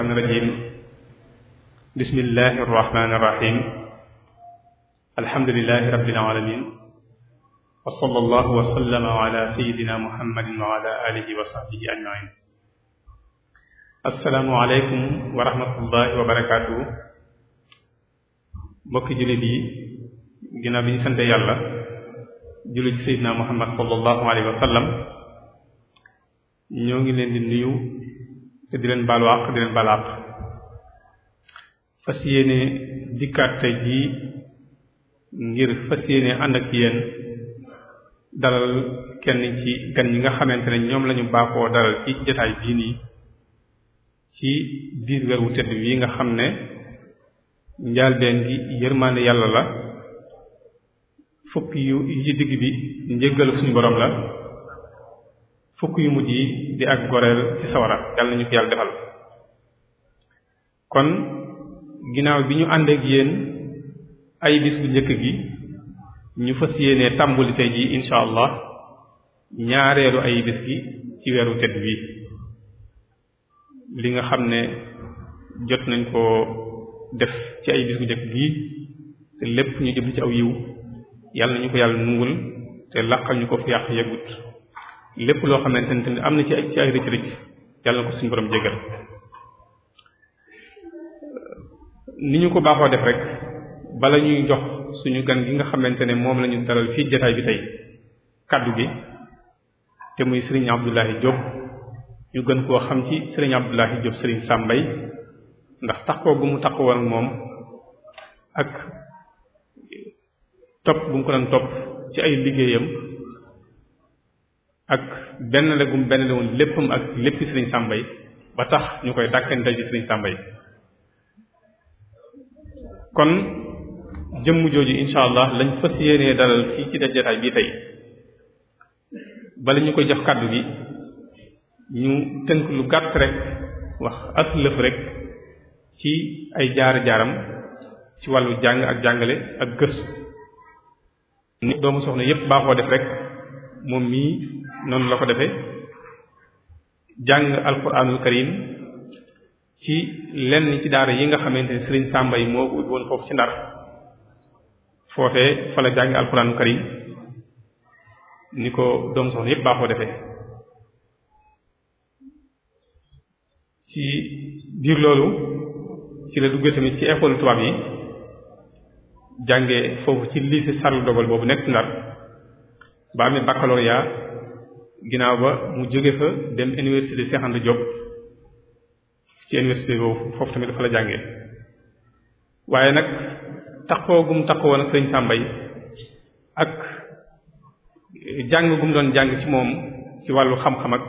الشيطان الرجيم بسم الله الرحمن الرحيم الحمد لله رب العالمين وصلى الله وسلم على سيدنا محمد وعلى آله وصحبه أجمعين السلام عليكم ورحمة الله وبركاته mbokki jullit yi ginnaaw bi ñu sant yàlla jullit Seydina Muhammad sallallahu alayhi wa sallam ñoo ngi leen di nuyu te di leen baalu àq di leen baal fas yéene dikkaat tey jii ngir fas yéene ànd ak yéen dalal kenn ci gan ñi nga xamante ne ñoom lañu baaxoo dalal ci jataay bii nii ci biir weer wu tedd wi nga xam ne njaalbeen gi yërmaande yàlla la fukk yu ci digg bi njëggalu suñu borom la fukk yu mujj yi di ak goreel ci sawara yàlla nañu ko yàlla defal kon ginnaaw bi ñu ànd ak yéen ay bis bu njëkk gi ñu fas yéenee tàmbali tey ji incha allah ñaareelu ay bis gi ci weeru tedd wi li nga xam ne jot nañ ko def ci ay bis bu njëkk gi te lépp ñu jëm ci aw yiw yàlla nañu ko yàlla nungul te laqal ñu ko fi yàq yëgut lépp loo xamante ne tamit am na ci ay ci ay rëcc rëcc yàlla na ko suñu borom jégal ni ñu ko baaxoo def rek bala ñuy jox suñu gan gi nga xamante ne moom lañu ñu fii jataay bi tey kaddu gi te muy sëriñ Abdoulahi Diop ñu gën koo xam ci sëriñ Abdoulahi Diop sëriñ Sàmbay ndax taxoo gu mu taxawal moom ak topp bu mu ko doon topp ci ay liggéeyam ak benn la gum benn la woon léppam ak léppi sëriñ Sàmba yi ba tax ñu koy dàkkanteel ci sëriñ Sàmba yi kon jëmm jooju incha allah lañ fas yéenee dalal fii ci dajataay bii tey bala ñu koy jox kàddu gi ñu tënk lu gàtt rek wax aslëf rek ci ay jaar-jaaram ci wàllu jàng ak jàngale ak gëstu ni doomu soxna yépp baaxoo def rek moom mii noonu la ko defee jàng alquranul karim ci lenn ci daara yi nga xamante ni Serigne Samba yi moo ko ut woon foofu ci ndar foofee fa la jàng alquranul karim ni ko doom soxna yépp baaxoo defee ci biir loolu ci la duggee tamit ci école tubaab yi jànge foofu ci lii Charles de Gaulle boobu nekk si ndar ba amee baccalauréat ginnaaw ba mu jóge fa dem université Cheikh Anta Diop ci université boobu foofu tamit dafa la jàngee waaye nag taxoo gum taxoo woon ak sëriñ Samba yi ak jàng gum doon jàng ci moom ci wàllu xam-xam ak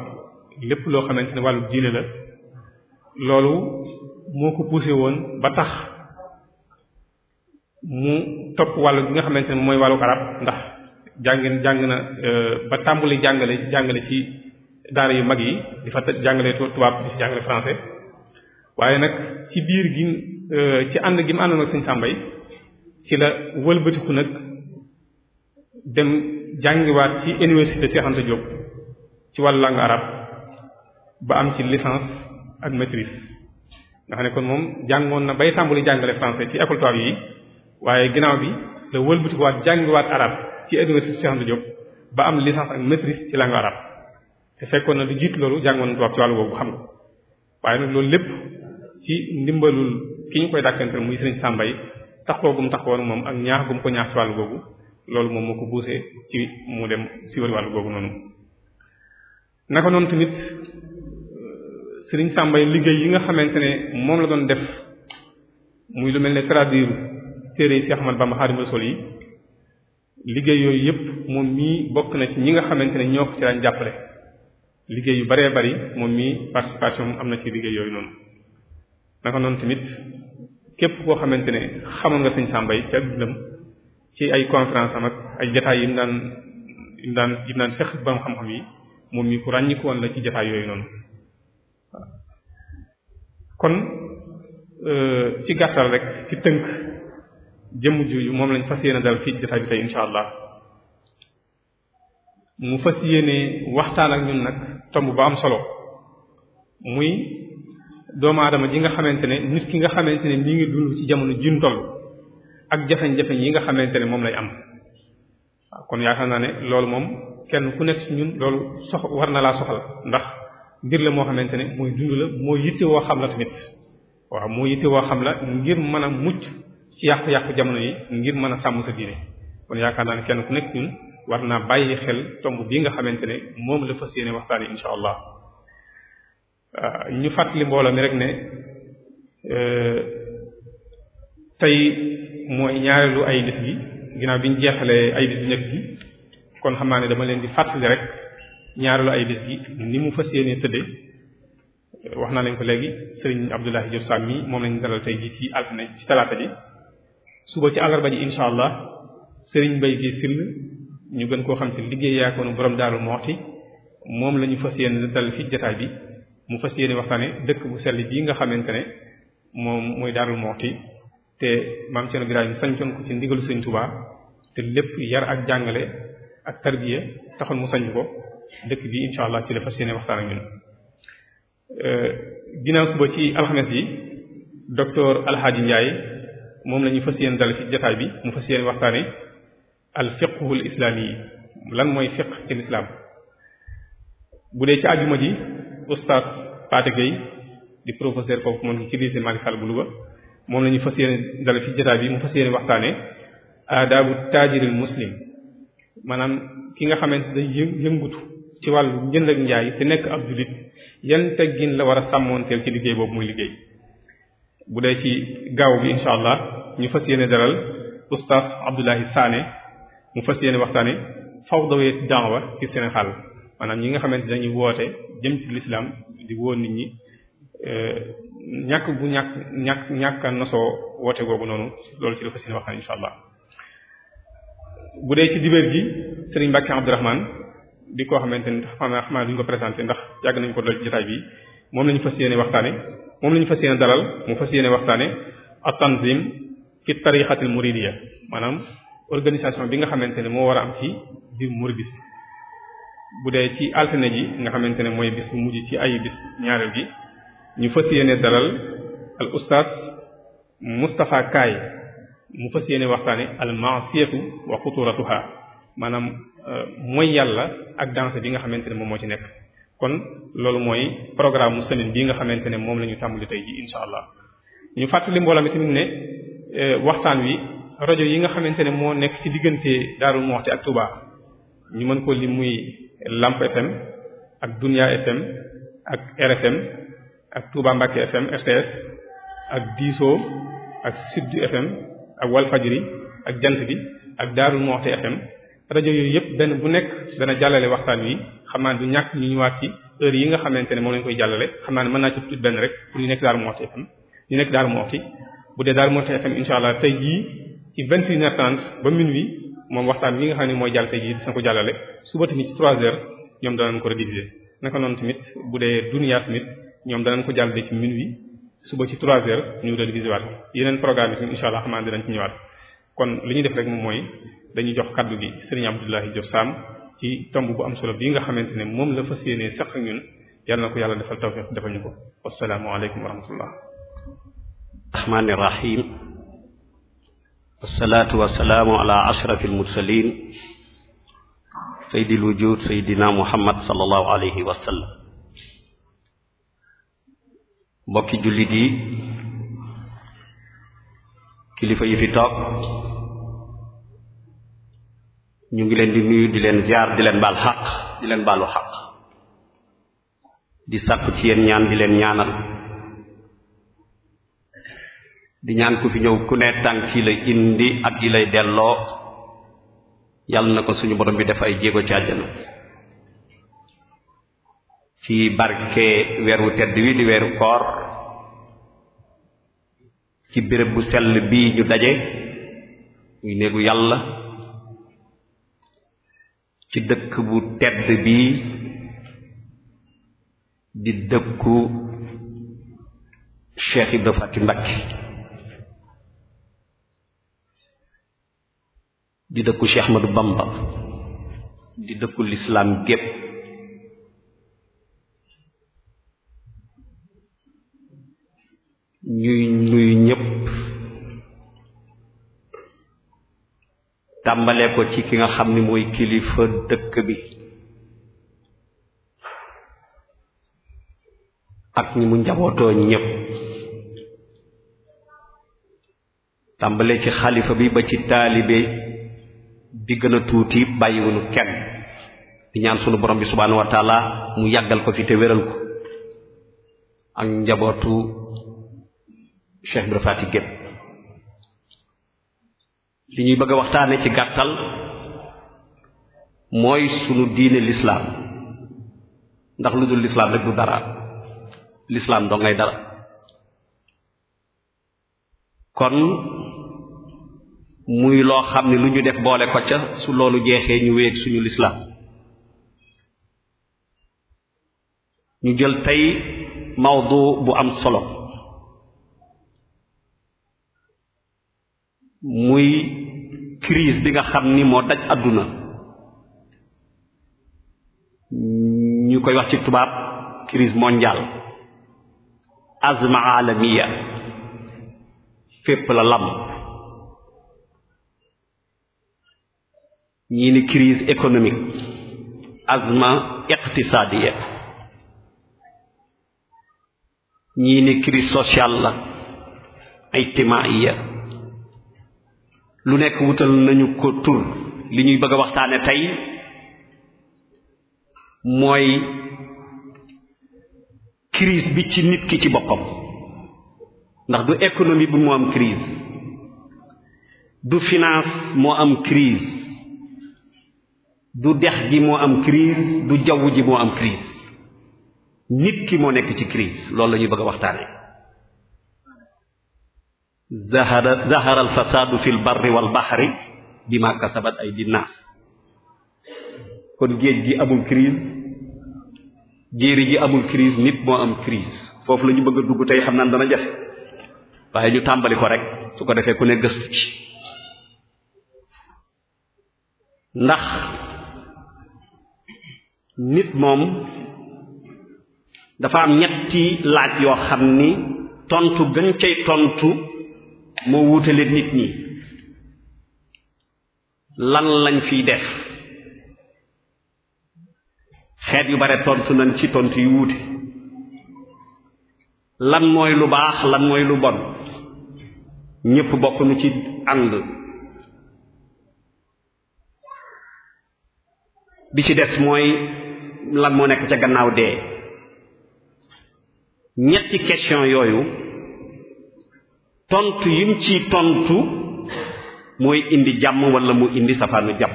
lépp loo xamante ne wàllu diine la loolu moo ko poussé woon ba tax mu topp wàllu bi nga xamante ne mooy wàllu arab ndax jàng jàng na euh, ba tàmbali jàngale jàngale ci daara yu mag yi di fa jàngale tubaab di fi jàngale français waaye nag ci biir gi euh, ci ànd gi mu àndoon ak sëñ Sàmbay ci la wëlbatiku nag dem jàngiwaat ci université Cheikh Anta Diop ci wàllu langue arabe ba am ci licence ak maîtrise nga ne kon moom jàngoon na bay tàmbali jàngale français ci école tubaab yi waaye ginnaaw bi la wëlbatikuwaat jàngiwaat arabe ci adduna si Cheikh Anta Diop ba am licence ak maîtrise ci langue arabe te fekkoon na lu jiit loolu jàngoon tubaab ci wàllu boobu xam ko waaye nag loolu lépp ci ndimbalul ki ñu koy dàkkantal muy Serigne Samba yi taxawoo gum taxawoon moom ak ñaax gum ko ñaax ci wàllu boobu loolu moom moo ko buusee ci mu dem si wër wàllu boobu noonu. naka noonu tamit euh, Serigne Samba yi liggéey yi nga xamante ne moom la doon def muy lu mel ne traduire téere yi Cheikh Ahmad Bamba Xaadimu Rasuul yi. liggéey yooyu yëpp moom mii bokk na ci ñi nga xamante ne ñoo ko ci daan jàppale liggéey yu baree bari moom mii participation am na ci liggéey yooyu noonu naka noonu tamit képp koo xamante ne xamoon nga sëñ Samba yi ci ak dundam ci ay conférence am ak ay jataay yi mu daan mu daan yi mu daan seq borom xam-xam yi moom mii ku ràññiku woon la ci jataay yooyu noonu kon euh, ci gàttal rek ci tënk jëmm jooju moom lañ fas yéene dal fii jotaay bi tey insha allah mu fas yéene waxtaan ak ñun nag tomb ba am solo muy doomu aadama ji nga xamante ne nit ki nga xamante ne mii ngi dund ci jamono jun toll ak jafe-jafe yi nga xamante ne moom lay am kon yaakaar naa ne loolu moom kenn ku nekk ñun loolu sox war na laa soxal ndax ngir la moo xamante ne mooy dund la moo yitte woo xam la tamit waaw moo yitte woo xam la ngir mën a mucc ci yàqu-yàqu jamono yi ngir mën a sàmm sa diine kon yaakaar naa ne kenn ku nekk ñun war naa bàyyi xel tomb bii nga xamante ne moom la fas yéene waxtaan yi insha allah ñu fàttali mbooloo mi rek ne euh, tey mooy ñaareelu ay bis bi ginnaaw bi ñu jeexale ay bis bi njëkk bi kon xam naa ne dama leen di fàttali rek ñaareelu ay bis bi ni mu fas yéene tëddee wax naa lañ ko léegi sëriñ Abdoulaye Diop Sam mi moom lañu dalal tey jii ci altine ci talaata ji suba ci àllarba ji incha allah sëriñ bay gi sill ñu gën koo xam ci liggéey yaakoonu borom Daaru Muxti moom la ñu fas yéene dal fi jataay bi mu fas yéene waxtaane dëkk bu sell bii nga xamante ne moom mooy Daaru Muxti te maam Cerno Birahim sañcoon ko ci ndigalu sëñ Tuubaa te lépp yar ak jàngale ak tarbiya taxoon mu sañ ko dëkk bi incha allah ci la fas yéene waxtaan ak ñun euh, ginnaaw suba ci alxames ji docteur Alxaaji Ndiaye moom la ñu fas yéen dal fi jataay bi mu fas yéen waxtaane al fiqhul islaami yi lan mooy fiq ci lislaam bu dee ci àjjuma ji oustaz Pathé Gueye di professeur foofu moom ci lycée Malick Sall bu Louga moom la ñu fas yéene dal fi jataay bi mu fas yéene waxtaane aadaabu taajiril muslim maanaam ki nga xamante day yëngutu ci wàllu njënd ak njaay te nekk ab jullit yan teggin la war a sàmmoonteel ci liggéey boobu muy liggéey bu dee ci gaaw bi incha allah ñu fas yéene daral oustaz Abdoulahi Sané mu fas yéene waxtaane fawdawee daawa ci Sénégal maanaam ñi nga xamante dañuy woote jëm ci lislaam di woo nit ñi eh, ñàkk bu ñàkk ñàkk ñàkk a nosoo woote googu noonu loolu ci la fas yéene waxtaane incha allah bu dee ci dibeer gi sëriñ Mbàkke Abdourahmane di koo xamante ni xam naa xam duñ ko présenté ndax yàgg nañu ko dool ci jotaay bi moom lañu fas yéene waxtaane moom la ñu fas yéene dalal mu fas yéene waxtaane at tanzim fi tarixatil muridiya maanaam organisation bi nga xamante ne moo war a am ci biir muridisme bu dee ci altine ji nga xamante ne mooy bis bu mujj ci ay bis ñaareel gi ñu fas yéene dalal al ustaas Moustapha Kaay mu fas yéene waxtaane al maasiyatu wa xuturatuha maanaam euh, mooy yàlla ak danse bi nga xamante ne moom moo ci nekk kon loolu mooy programme mu semaine bii nga xamante ne moom la ñu tàmbali tey ji incha allah ñu fàttali mbooloo mi tamit ne e, waxtaan wi rajo yi nga xamante ne moo nekk ci diggante Darou Moukhty ak Touba ñu mën ko lim muy Lamp FM ak Dunia FM ak RFM ak Touba Mbacké FM RTS ak Diso ak Sud FM ak Walfajri ak Jant bi ak Darou Moukhty FM. rajo yooyu yëpp benn bu nekk dana jàllale waxtaan wi xam naa du ñàkk ñu ñëwaat ci heure yi nga xamante ne moom lañ koy jàllale xam naa ne mën naa ci tudd benn rek pour nekk Darou Moukhty FM ñu nekk Darou Moukhty bu dee Darou Moukhty allah tey jii ci vingt et une heures trente ba minuit moom waxtaan wi nga xam ne mooy jàll tey jii dina ko suba tamit ci trois heures ñoom danañ ko rediffuser naka noonu tamit bu dee dunya tamit ñoom danañ ko jàllale ci minuit suba ci trois heures ñu rediffuser waat yeneen programme yi tamit incha allah xam naa dinañ ci ñëwaat kon li ñu def rek moom mooy dañu jox kàddu gi sëriñ Abdoulaye Diop Sam ci tomb bu am solo bii nga xamante ne moom la fas yéenee yàlla na ko yàlla defal tawfiq defal ñu ko wasalaamualeykum wa rahmatullah rahmaani rahim wasalaatu wasalaamu ala ashraf almursalin sayyidil wujud sayyidina muhammad sallallahu alayhi wa sallam mbokki jullit yi kilifa yi fi toog ñu ngi leen di nuyu di leen ziar di leen baal xaq di leen baalu xaq di sàkku ci yéen ñaan di leen ñaanal di ñaan ku fi ñëw ku ne tànk yi la indi ak yi lay delloo yàlla na ko suñu borom bi def ay jéego ci àjjana ci barke weeru tedd wi di weeru koor ci béréb bu sell bii ñu daje muy néegu yàlla ci dëkk bu tedd bi di dëkku Cheikh Ibra Fati Mbacké di dëkku Cheikh Ahmadou Bamba di dëkku lislaam gépp ñuy nuyu ñépp tàmbalee ko ci ki nga xam ni mooy kilifa dëkk bi ak ñi mu njabootoo ñépp tàmbalee ci xalifa bi ba ci taalibe bi gën a tuuti bàyyiwuñu kenn di ñaan sunu borom bi subhaanahu wa mu yàggal ko fi te wéral ko ak njabootu Cheikh Ibra Faati gépp li ñuy bëgg a waxtaane ci gàttal mooy sunu diine lislaam ndax lu dul lislaam rek du dara lislaam doo ngay dara kon muy loo xam ne lu ñu def boole ko ca su loolu jeexee ñu wéeg suñu lislaam ñu jël tey mawdu bu am solo muy crise bi nga xam ni moo daj àdduna ñu koy wax ci tubaab crise mondiale azma alamiya fépp la lam ñii ni crise économique azma iqtisadiya ñii ni crise sociale la ijtimaiya lu nekk wutal nañu ko tur li ñuy bëgg a waxtaane tey mooy kris bi ci nit ki ci boppam ndax du économie bi moo am crise du finance moo am crise du dex gi moo am crise du jaww ji moo am crise nit ki moo nekk ci crise loolu la ñuy bëgg a waxtaane zahara zahara alfasaadu fi lbarri walbahri bima kasabat ay di naas kon géej gi amul crise jéeri ji amul crise nit moo am crise foofu lañu bëgg a dugg tey xam naan dana jafe waaye ñu tàmbali ko rek su ko defee ku ne gëstu ci ndax nit moom dafa am ñetti laaj yoo xam ni tontu gën cay tontu moo wuutale nit ñi lan lañ fiy def xeet yu bare tontu nañ ci tontu yu wuute lan mooy lu baax lan mooy lu bon ñépp bokk nu ci ànd bi ci des mooy lan moo nekk ca gannaaw dee ñetti question yooyu tontu yim ci tontu mooy indi jàmm walla mu indi safaanu jàmm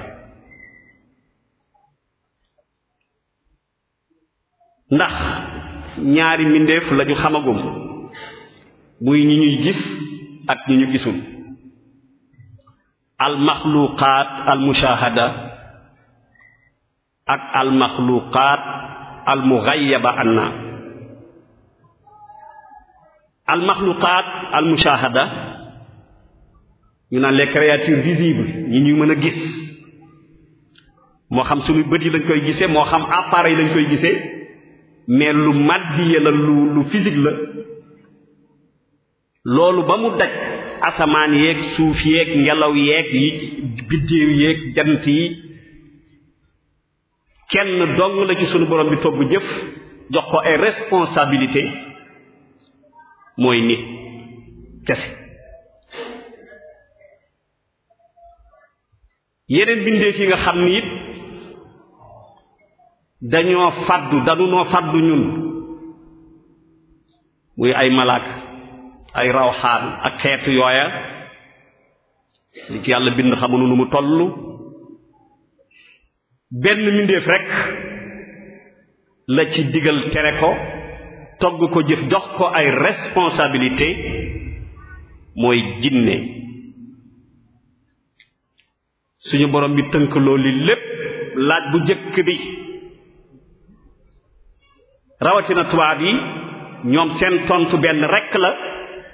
ndax ñaari mbindeef lañu xamagum muy ñi ñuy gis ak ñi ñu gisul almaxluqaat almushahada ak almaxluqaat almugayyaba anna al maxluqaat al mushahada ñu naan les créatures visibles ñi ñu mën a gis moo xam suñu bët yi lañ koy gisee moo xam appareil yi lañ koy gise mais lu màddiye la lu lu physique la loolu ba mu daj asamaan yeeg suuf yeeg ngelaw yeeg yi biddéew yeeg jant yi kenn dong la ci sunu borom bi togg jëf jox ko ay responsabilité mooy nit kese yeneen bindeef yi nga xam ni it dañoo fàddu dañu noo fàddu ñun muy ay malaaka ay rawxaan ak xeetu yooya li ci yàlla bind xamunu lu mu toll benn mbindeef rekk la ci digal tere ko togg ko jëf jox ko ay responsabilité mooy jinne suñu borom bi tënk loolu lépp laaj bu jëkk bi rawatina tubaab yi ñoom seen tontu benn rekk la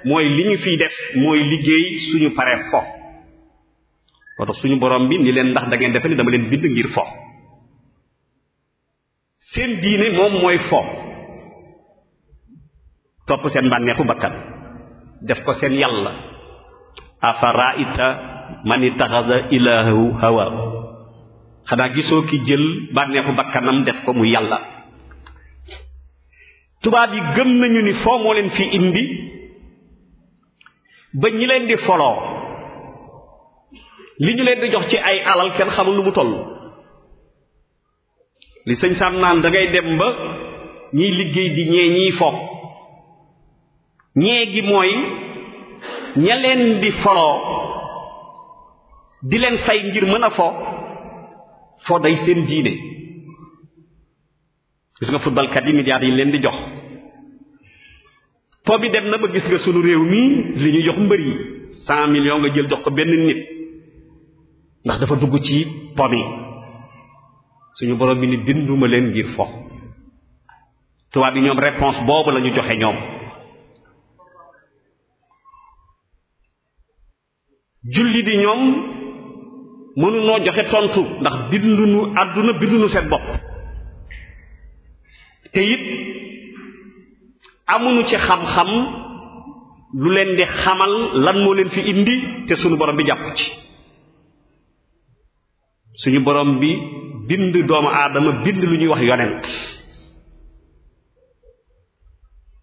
mooy li ñu fiy def mooy liggéey suñu paree fo moo suñu borom bi ni leen ndax da ngeen defe ni dama leen bind ngir fo seen diine moom mooy fo topp seen bànneexu bakkan def ko seen yàlla afaraita man itaxasa ilaahu hawa xanaa gisoo ki jël bànneexu bakkanam def ko mu yàlla tubaab yi gëm nañu ni foo moo leen fi indi ba ñi leen di foloo li ñu leen di jox ci ay alal kenn xamul lu mu toll li sëñ Sam naan da dem ba ñiy liggéey di ñee ñiy fo ñee gi mooy ña leen di foloo di leen fay ngir mën a fo fo day seen diine gis nga footballkat yi milliards yi leen di jox fo bi dem na ma gis nga sunu réew mi li ñuy jox mbër yi cent millions nga jël jox ko benn nit ndax dafa dugg ci po bi suñu borom bi ni binduma leen ngir fo tubaab yi ñoom réponse boobu la ñu joxe ñoom julli di ñoom mënunoo joxe tontu ndax bindunu àdduna bindunu seen bopp te it ci xam-xam lu leen di xamal lan moo leen fi indi te suñu borom bi jàpp ci suñu borom bi bind doomu aadama bind lu ñuy wax yonent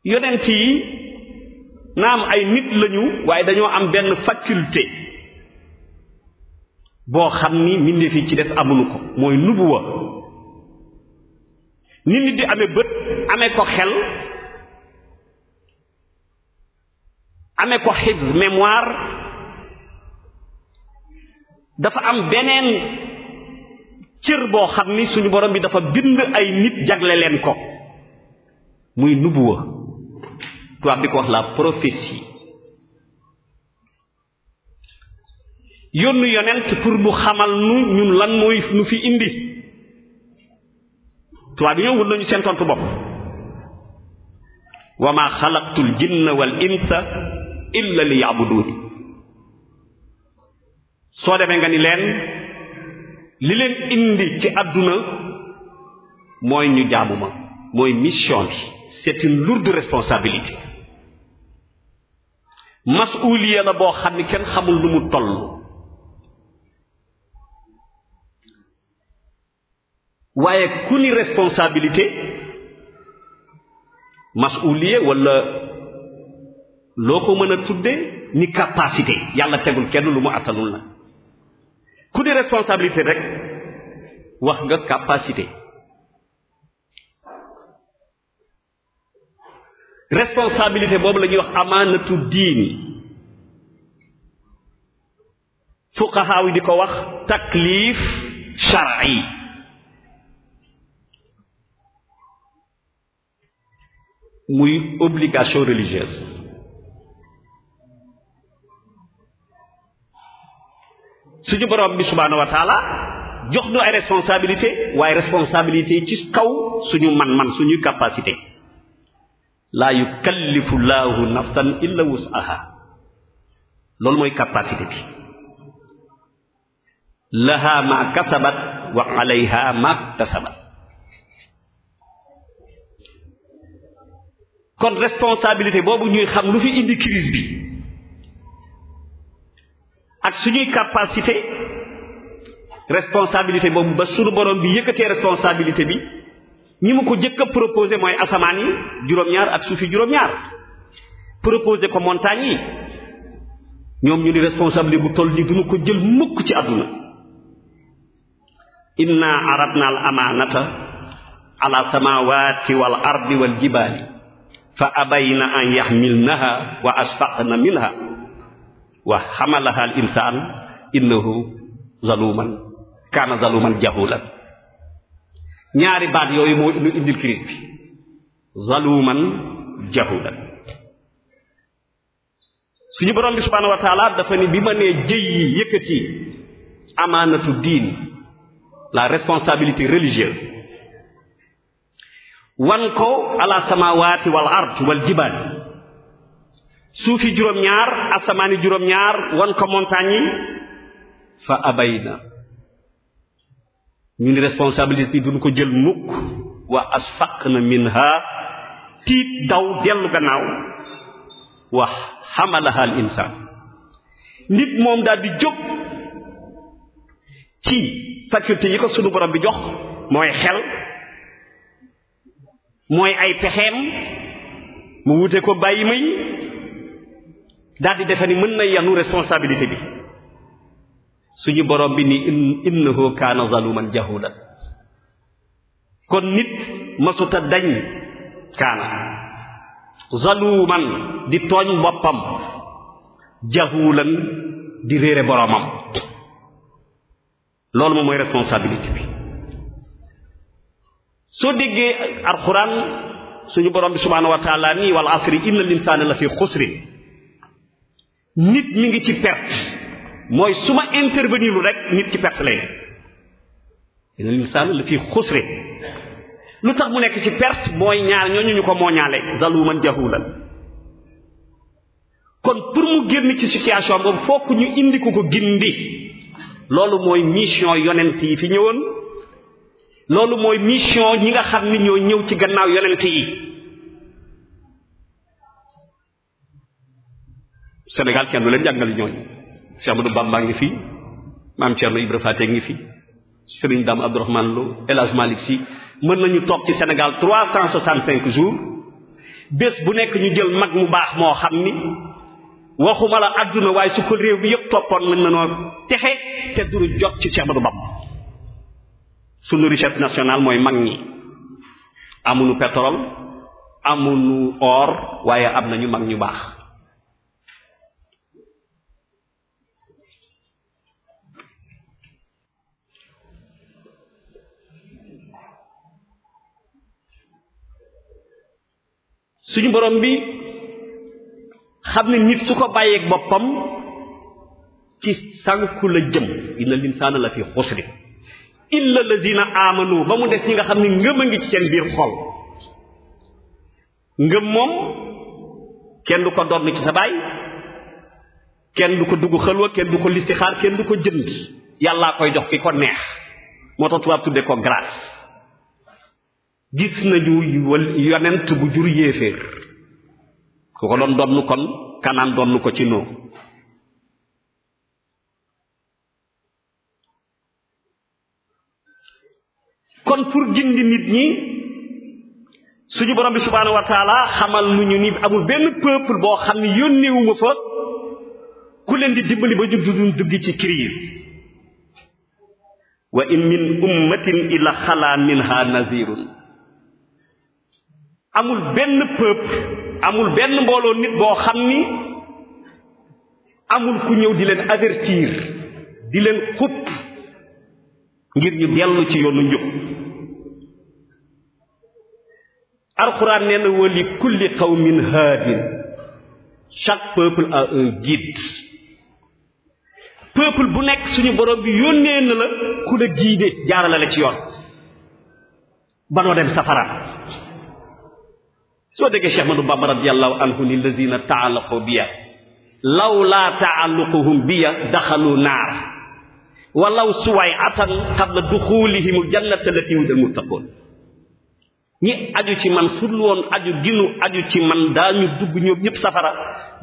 yonent yi naam ay nit lañu waaye dañoo am benn faculté boo xam ni mbindeef yi ci des amuñu ko mooy nubuwa nit nit di amee bët amee ko xel amee ko xibs mémoire dafa am beneen cër boo xam ni suñu borom bi dafa bind ay nit jagle leen ko muy nubuwa tubaab di ko wax la prophétie yónnu yonent pour bu xamal nu ñun lan mooy nu fi indi tubaab bi ñoo wut nañu seen tontu bopp wa ma xalaqtul jinna wal insa illa li yaabuduuni soo demee nga ni leen li leen indi ci àdduna mooy ñu jaamu ma mooy mission bi c'est une lourde responsabilité masuuliya la boo xam ni kenn xamul nu mu toll waaye ku ni responsabilité masuliye walla loo ko mën a tudde ni capacité yàlla tegul kenn lu mu attanul la ku ni responsabilité rek wax nga capacité responsabilité boobu la ñuy wax amaanatu diini fuqahaa yi di ko wax taklif shar'i muy obligation religieuse suñu borom bi subhaanahu wa jox ñu ay responsabilité waaye responsabilité ci kaw suñu man-man suñu capacité laa yukallifu laahu nafsan illa wusaha loolu mooy capacité bi laha ma kasabat wa alayha ma tasabat kon responsabilité boobu ñuy xam lu fi indi crise bi ak suñuy capacité responsabilité boobu ba suñu borom bi yëkkatee responsabilité bi ñu ma ko jëkk proposé mooy asamaan yi juróom-ñaar ak suufi juróom-ñaar proposé ko montagne yi ñoom ñu ni responsabilité bu toll ni duñu ko jël mukk ci àdduna inna aradna al amaanata ala samawati wal ardi wal jibaali fa abayna an yaxmilnaha wa asfaqna minha wa xamalaha al insaan innahu zaluman kaana zaluman jahulan ñaari baat yooyu moo ñu indil crise bi zaluman jahulan suñu borom bi subhaanahu wa dafa ni bi ma nee jëy yi yëkkati amaanatu diin la responsabilité religieuse wan ko ala samawati wal ard wal jibal suufi juróom-ñaar asamaani juróom-ñaar wan ko montagne yi fa abayna ñu ni responsabilité bi duñ ko jël mukk wa asfaqna minha tiit daw dellu gannaaw wax xamalaha al insaan nit moom daal di jóg ci faculté yi ko sunu borom bi jox mooy xel mooy ay pexeem mu wute ko bàyyi may daldi defe ni mën na yenn responsabilité bi suñu borom bi ni innahu kaana zaluman jahula kon nit masuta dañ kaana zaluman di tooñ boppam jahulan di réere boromam loolu moom mooy responsabilité bi soo déggee alxuraan suñu borom bi subhaanahu wa taala nii wal asri inna al la fi xusrin nit mi ngi ci perte mooy su ma intervenir lu rek nit ci perte lay inna al insaana la fi xusrin lu tax mu nekk ci perte mooy ñaar ñooñu ñu ko mooñaale zaluman jahulan kon pour mu génn ci situation boobu fokk ñu indi ko ko gindi loolu mooy mission yonent yi fi ñëwoon loolu mooy mission ñi nga xam ni ñoo ñëw ci gannaaw yonent yi Sénégal kenn du leen jàngal ñooñu Cheikh Ahmadou maa ngi fi maam Thierno Ibra Faté ngi fi Serigne Dame Abdourahmane Lo El Hadj Malick mën nañu toog ci Sénégal trois cent soixante cinq jours bés bu nekk ñu jël mag mu baax moo xam ni waxuma la àdduna waaye su ko réew bi yépp toppoon mën na noo texe te duru jot ci Cheikh Ahmadou Bamba sunu richesse nationale mooy mag ñi amuñu pétrole amuñu or waaye am na ñu mag ñu baax suñu borom bi xam ne nit su ko bàyyeeg boppam ci sànku la jëm inna linsaana la fi xusri illa lazina amanu ba mu des ñi nga xam ne ngëm a ngi ci seen biir xol ngëm moom kenn du ko donn ci sa baay kenn du ko dugg xalwa kenn du ko listixaar kenn du ko jënd yàllaa koy jox ki ko neex moo tax tubaab tudde ko grâce gis nañu yonent bu jur yéeféer ku ko doon donn kon kanaan donn ko ci noo kon pour gindi nit ñi suñu borom bi subhaanahu wa taala xamal nu ñu ni amul benn peuple boo xam ne yónneewuma fa ku leen di dimbali ba ñu duduñ dugg ci crise wa in min ummatin illa xalaa minha nazirun amul benn peuple amul benn mbooloo nit boo xam ni amul ku ñëw di leen avertir di leen xupp ngir ñu dellu ci yoonu njub alxuraan nee na wali kulli qawmin haadin chaque peuple a un guide peuple bu nekk suñu borom bi yónnee na la ku la la ci yoon banoo dem safara soo déggee Cheikh Ahmadou Bamba radiyallahu anhu ni lazina taalluquhum biya daxalu naar walaw suwaay atan qabla duxulihim aljannata lati wudal muttaqoon ñi aju ci man fudlu woon aju ginu aju ci man daañu dugg ñoom ñëpp safara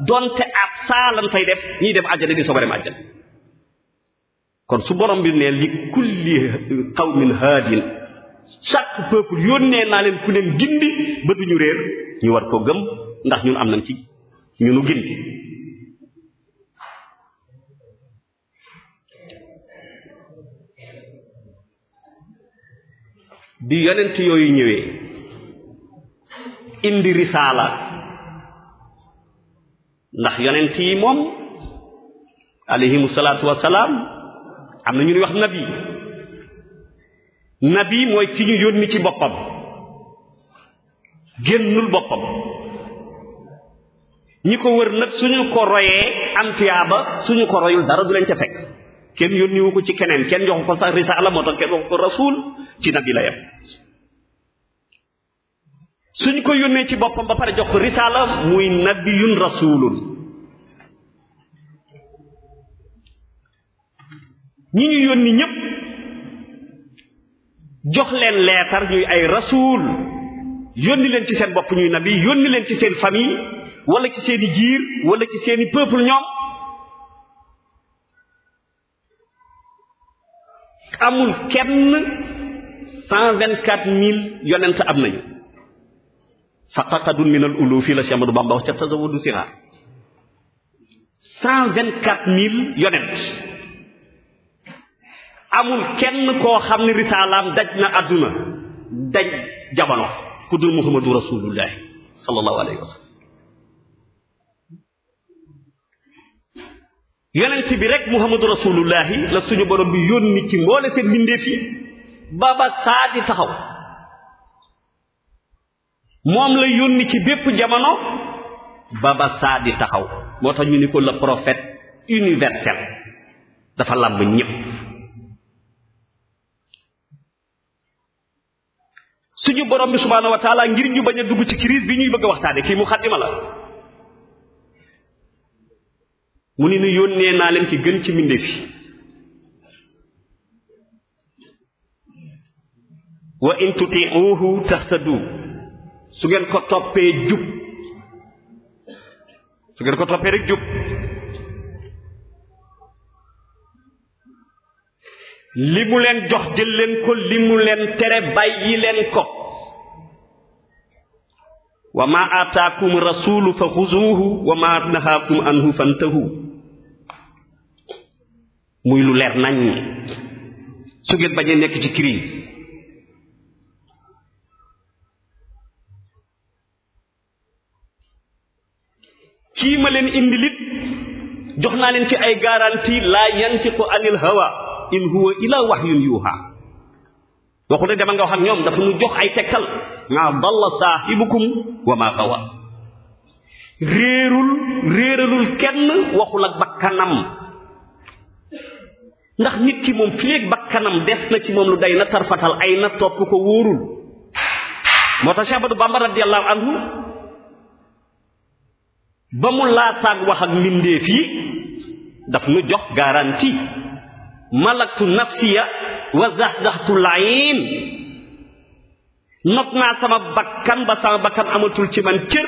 donte ab saalan fay def ñiy def àjjana di soog a dem àjjana kon su borom bi ne li kulli qawmin haadin chaque peuple yónnee naa leen ku leen gindi ba duñu réer ñu war koo gëm ndax ñun am nañ ci ñunu gindi bi yonent yooyu ñëwee indi risaala ndax yonent yi moom alayhimu salaatu am na ñu ñuy wax nabi nabi mooy ki ñu yónni ci boppam génnul boppam ñi ko wër nag suñu ko royee am tiyaaba suñu ko royul dara du leen ca fekk kenn yónniwu ko ci keneen kenn joxu ko sax risaala moo tax kenn waxu ko rasuul ci nabi la yem suñ ko yónnee ci boppam ba pare jox ko risaala muy nabiyun rasulun ñi ñu yónni ñépp jox leen leetar ñuy ay rasuul yónni leen ci seen bopp ñuy nabi yónni leen ci seen famille walla ci seeni giir wala ci seeni peuple ñoom amul kenn cent vingt-quatre mille yonent am nañu fa qatadun min al ulufi la Cheikh Amadou Bamba wax ca tasawudu siraar cent vingt quatre amul kenn koo xam ne risaalaam daj na àdduna daj jamono ku dul muhammadu rasulullahi sallallahu alayhi wa sallam yonent bi rek muhammadu rasulullahi la suñu borom bi yónni ci mboole seen mbindeef yi baba saa di taxaw moom la yónni ci bépp jamono ba saa di taxaw moo tax ñu ni ko le prophète universel dafa làmb ñépp suñu borom bi subhaanahu wa taala ngir ñu bañ a dugg ci crise bi ñuy bëgg a waxtaane kii mu xaddima la mu ni nu yónnee naa leen ci gën ci mbindéef yi wa in tutiuhu tahtadu su ngeen ko toppee jub su ngeen ko toppee rek jub li mu leen jox jël leen ko li mu leen tere bàyyi leen ko wa ma aataakum rasulu fa xuzuuhu wa ma nahaakum anhu fantahu muy lu leer nañ ñi su ngeen bañee nekk ci crise kii ma leen indi lit jox naa leen ci ay garantie laa yantiqu anil hawa in huwa ila wahyun yuha waxul rek demal nga wax ak ñoom dafa nu jox ay tegtal maa dalla saahibukum wa maa xawa réerul réeralul kenn waxul ak bakkanam ndax nit ki moom fi fileeg bakkanam des na ci moom lu day na tarfatal ay na topp ko wóorul moo tax Cheikh Ahmadou radiyallahu anhu ba mu laataag wax ak mbindeef yi daf nu jox gaaranti malaktu nafsiya wa zaxzaxtu layin not naa sama bakkan ba sama bakkan amatul ci man cër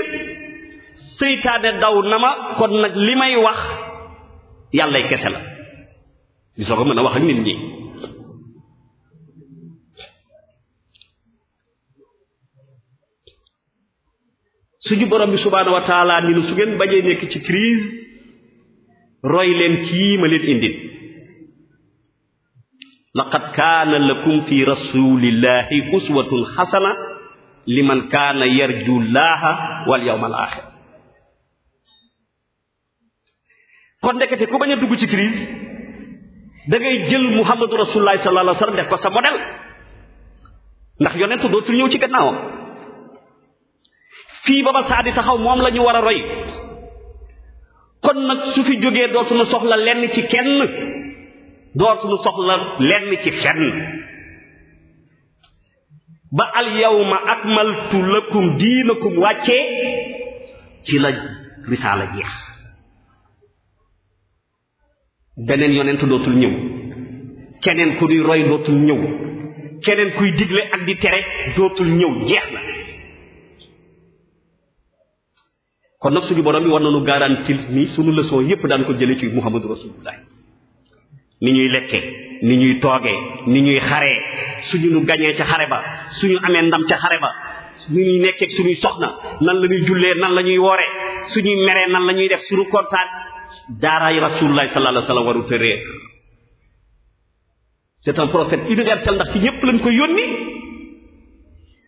seytaane daw na ma kon nag li may wax yàllay kese la di soo ko mën a wax ak nit ñi suñu borom bi subhaanahu wa taala ni nu su ngeen bañee nekk ci crise roy leen kii ma leen indil laqad kaana lakum fi rasulillahi uswatun xasana liman kaana yarju llaaha wal yawm al kon ndekete ku bañ a dugg ci crise da jël muhammadu rasulullahi sallallahu alayhi wa sallam def ko sa modèle ndax yonentu dootul ñëw ci gannaawam fii ba ba di taxaw moom lañu ñu war a roy kon nag su fi jógee doo suñu soxla lenn ci kenn doo suñu soxla lenn ci fenn ba al yawma akmaltu lakum diinakum wàccee ci la risaala jeex beneen yonent dootul ñëw keneen ku di roy dootul ñëw keneen kuy digle ak di tere dootul ñëw jeex na kon nag suñu borom bi war nañu garantil ni suñu leçon yépp daan ko jëlee ci muhammadu rasulullah ni ñuy lekkee ni ñuy toogee ni ñuy xaree suñu nu gañee ca xare ba suñu amee ndam ca xare ba ni ñuy nekkee suñuy soxna nan la ñuy jullee nan la ñuy woore suñuy meree nan la ñuy def suñu kontaan daaraay rasulullah sallallahu alayhi wasallam waru tëree c'est un prophète universel ndax ci ñépp lañ ko yónni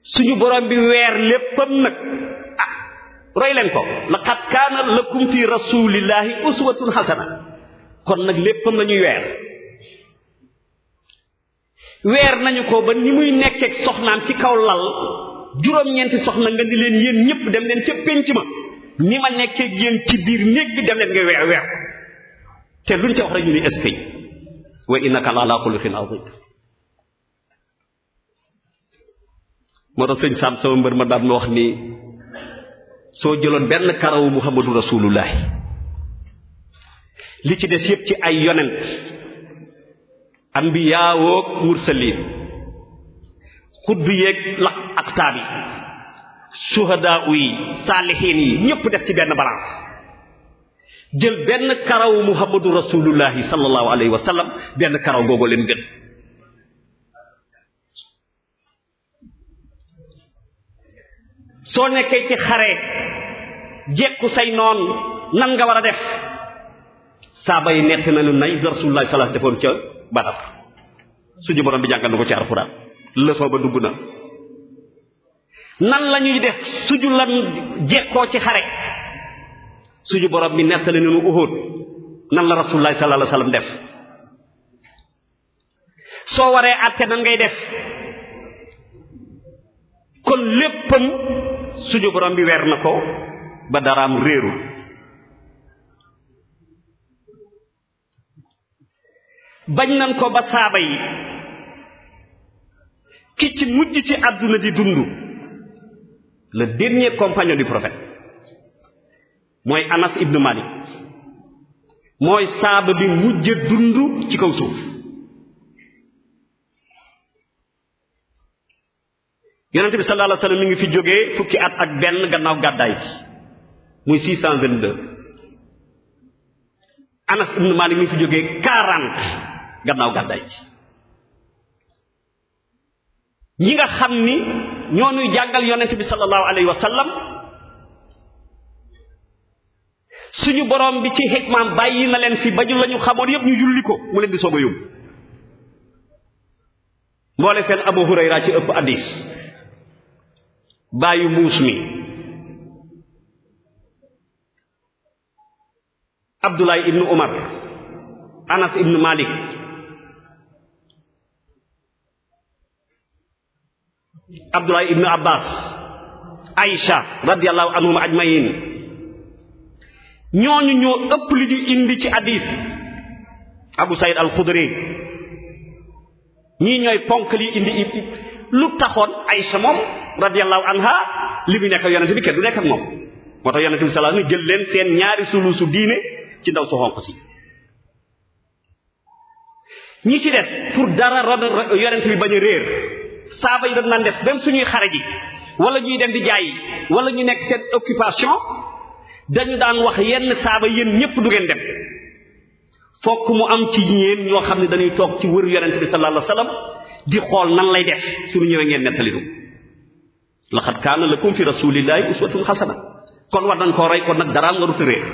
suñu borom bi weer léppam nag roy leen ko laqad kaana lakum fi rasulillahi uswatun xasana kon nag léppam la ñuy weer weer nañu ko ba ni muy nekkeeg soxnaan ci kaw lal juróom-ñeenti soxna nga ni leen yéen ñëpp dem leen ca pénc ma ni ma nekkee yéen ci biir néeg bi dem leen nga weer weer te luñ ca wax rek ñu ni esprit wa innaka la ala xuluqin azim moo tax sëñ sama mbër ma daan ma wax nii soo jëloon benn karawu muhammadu rasulullahi li ci des yépp ci ay yonent ambiyaa woog mursaliin xutbu yéeg laq ak taabi suhadaa yi saalihiin yi ñépp def ci benn balance jël benn karawu muhammadu rasulullahi sallallahu alayhi wa benn karaw googu leen gën soo nekkee ci xare jekku say noon nan nga war a def saaba yi nett nañu nay rasulullah sallallahu defoon ca badar suju borom bi jàngal na ko ci alxuraan leçon ba dugg na nan la ñuy def suñu lan jekkoo ci xare suñu borom bi nettali nañu uhud nan la rasulullah sallallahu def soo waree àtte nan ngay def kon léppam suñu borom bi weer na ko ba daraam réeru bañ nañ ko ba saaba yi ki ci mujj ci àdduna di dund le dernier compagnon du prophète mooy Anas ibnu Malik mooy saaba bi mujj dund ci kaw suuf yonente bi sallallahu alayhi wasallam mi ngi fi jóge fukki at ak benn gannaaw gàddaay gi muy 622 anas ibnu malik mi ngi fi jógee 40 gannaaw gàddaay gi ñi nga xam ni ñoo nuy jàngal yonente bi sallallahu alayhi wasallam suñu borom bi ci xikmaam bàyyi na leen fi ba ñu la ñu xamoon yépp ñu julli ko mu leen di soog a yóbbu mboole seen abu hurayra ci ëpp addis bàyyi muus mi abdullah ibnu umar anas ibnu malik abdullah ibnu abbas aïcha radiallahu anhum ajmain ñooñu ñoo ëpp li indi ci hadis abu saïd al xudri ñii ñooy ponk li indi lu taxoon Aysa moom radiyallahu anha li mu nekk ak yonente bi kenn du nekk ak moom moo tax yonente bi sallallahu alayhi wasallam jël leen seen ñaari sulusu diine ci ndaw su xonq si ñi ci des pour dara ron yonent bi bañ a réer saaba yi dañ naan def même suñuy xare ji wala ñuy dem di jaay wala ñu nekk seen occupation dañu daan wax yenn saaba yéen ñépp du ngeen dem fokk mu am ci yéen ñoo xam ne dañuy toog ci wër yonent bi sallallahu alayhi wasallam di xool nan lay def suñu ñëwee ngeen nettali nu laqad kaana lakum fi rasulillahi uswatun xasana kon war nañ koo rey kon nag daraam warut a réer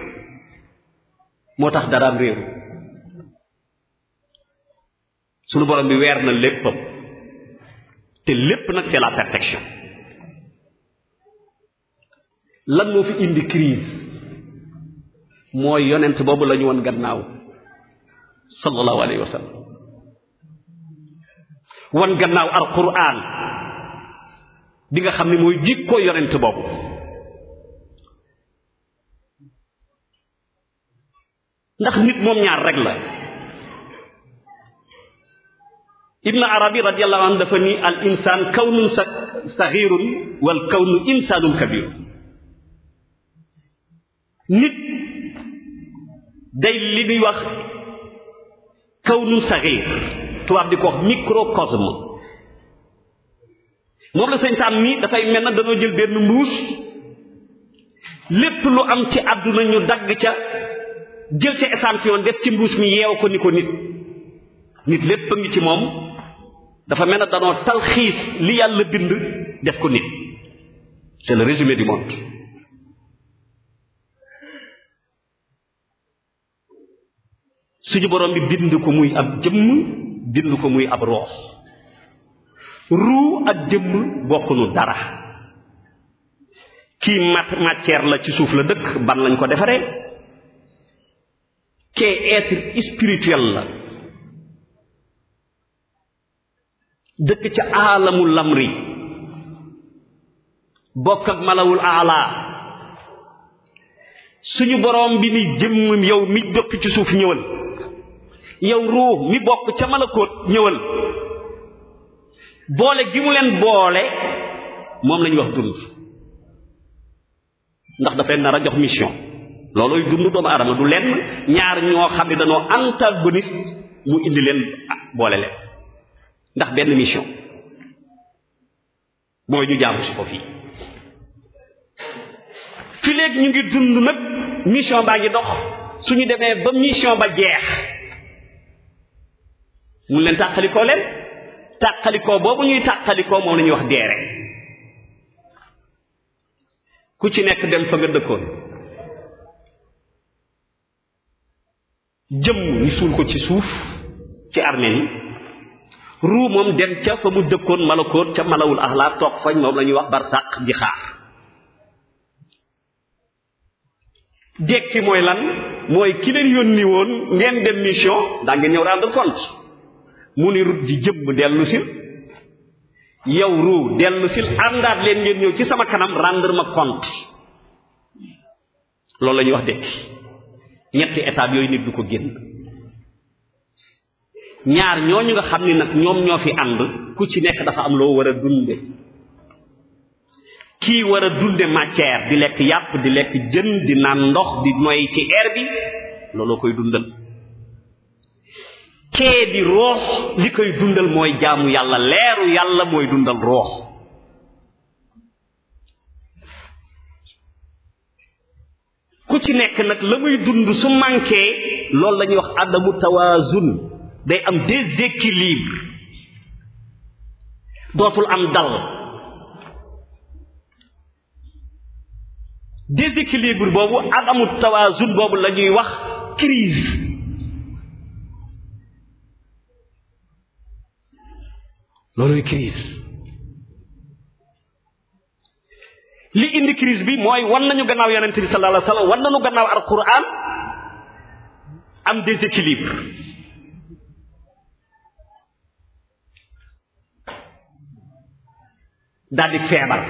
moo tax daraam réeru suñu borom bi weer na léppam te lépp nag c'est la perfection lan moo fi indi crise mooy yonent boobu la ñu woon gannaaw sallallahu alayhi wa wan gannaaw alquran bi nga xam ni mooy jikkoo yonent boobu ndax nit moom ñaar rek la ibn arabi radiallahu anhu dafa ni al insaan sa saxirun wal kawnu insaanun kabirun nit day li ñuy wax kawnun saxir tubaab di ko wax moom la sëñ Sam nii dafay mel na dañoo jël benn mbuus lépp lu am ci àdduna ñu dagg ca jël ca échantillon def ci mbuus mi yeew ko ni ko nit nit lépp a ngi ci moom dafa mel na danoo talxiis li yàlla bind def ko nit c'est le résumé du monde suñu borom bi bind ko muy ab jëmm dind ko muy ab roox ruu ak jëmm bokkunu dara kii mat matière la ci suuf la dëkk ban lañ ko defaree kee être spirituel la dëkk ca aalamul lamri bokk ak malawul aala suñu boroom bi ni jëmmam yow mi dëkk ci suuf ñëwal yow roo mi bokk ca malakoot ñëwal boole gi mu leen boole moom lañuy wax dund ndax dafay nar a jox mission loolooy dund doomu aadama du lenn ñaar ñoo xam ne dañoo antagoniste mu indi leen boole leen ndax benn mission mooy ñu jaamu si ko fii fi ñu ngi dund nag mission baa ngi dox su ñu demee ba mission ba jeex mun leen tàqalikoo leen tàqalikoo boobu ñuy tàqalikoo moom la ñuy wax deere ku ci nekk dem fa nga dëkkoon jëmm ñu suul ko ci suuf ci armeel yi ruu moom dem ca fa mu dëkkoon malakoot ca malawul axlaa toog fañ moom la ñuy wax barsàq di xaar dekki mooy lan mooy ki leen yónni woon ngeen dem mission daa ngeen ñëw rendre compte mu ni rut ji jëmm dellu yow ruu dellu sil àndaat leen ngeen ñëw ci sama kanam rendre ma compte loolu la ñuy wax dekki ñetti étape yooyu nit du ko génn ñaar ñooñu nga xam ni nag ñoom ñoo fi ànd ku ci nekk dafa am loo war a dunde kii war a dunde matière di lekk yàpp di lekk jën di naan ndox di moy ci air bi looloo koy dundal kee roox li koy dundal mooy jaamu yàlla leeru yàlla mooy dundal roox ku ci nekk nag la muy dund su manqué loolu lañuy wax adamu tawaazun day am déséquilibre dootul am dal déséquilibre boobu adamu tawaazun boobu la ñuy wax crise looluy crise li indi crise bi mooy war nañu gannaaw yonente bi sallallahu alayhi wasallam wan nañu gannaaw alquran am déséquilibre daal feebar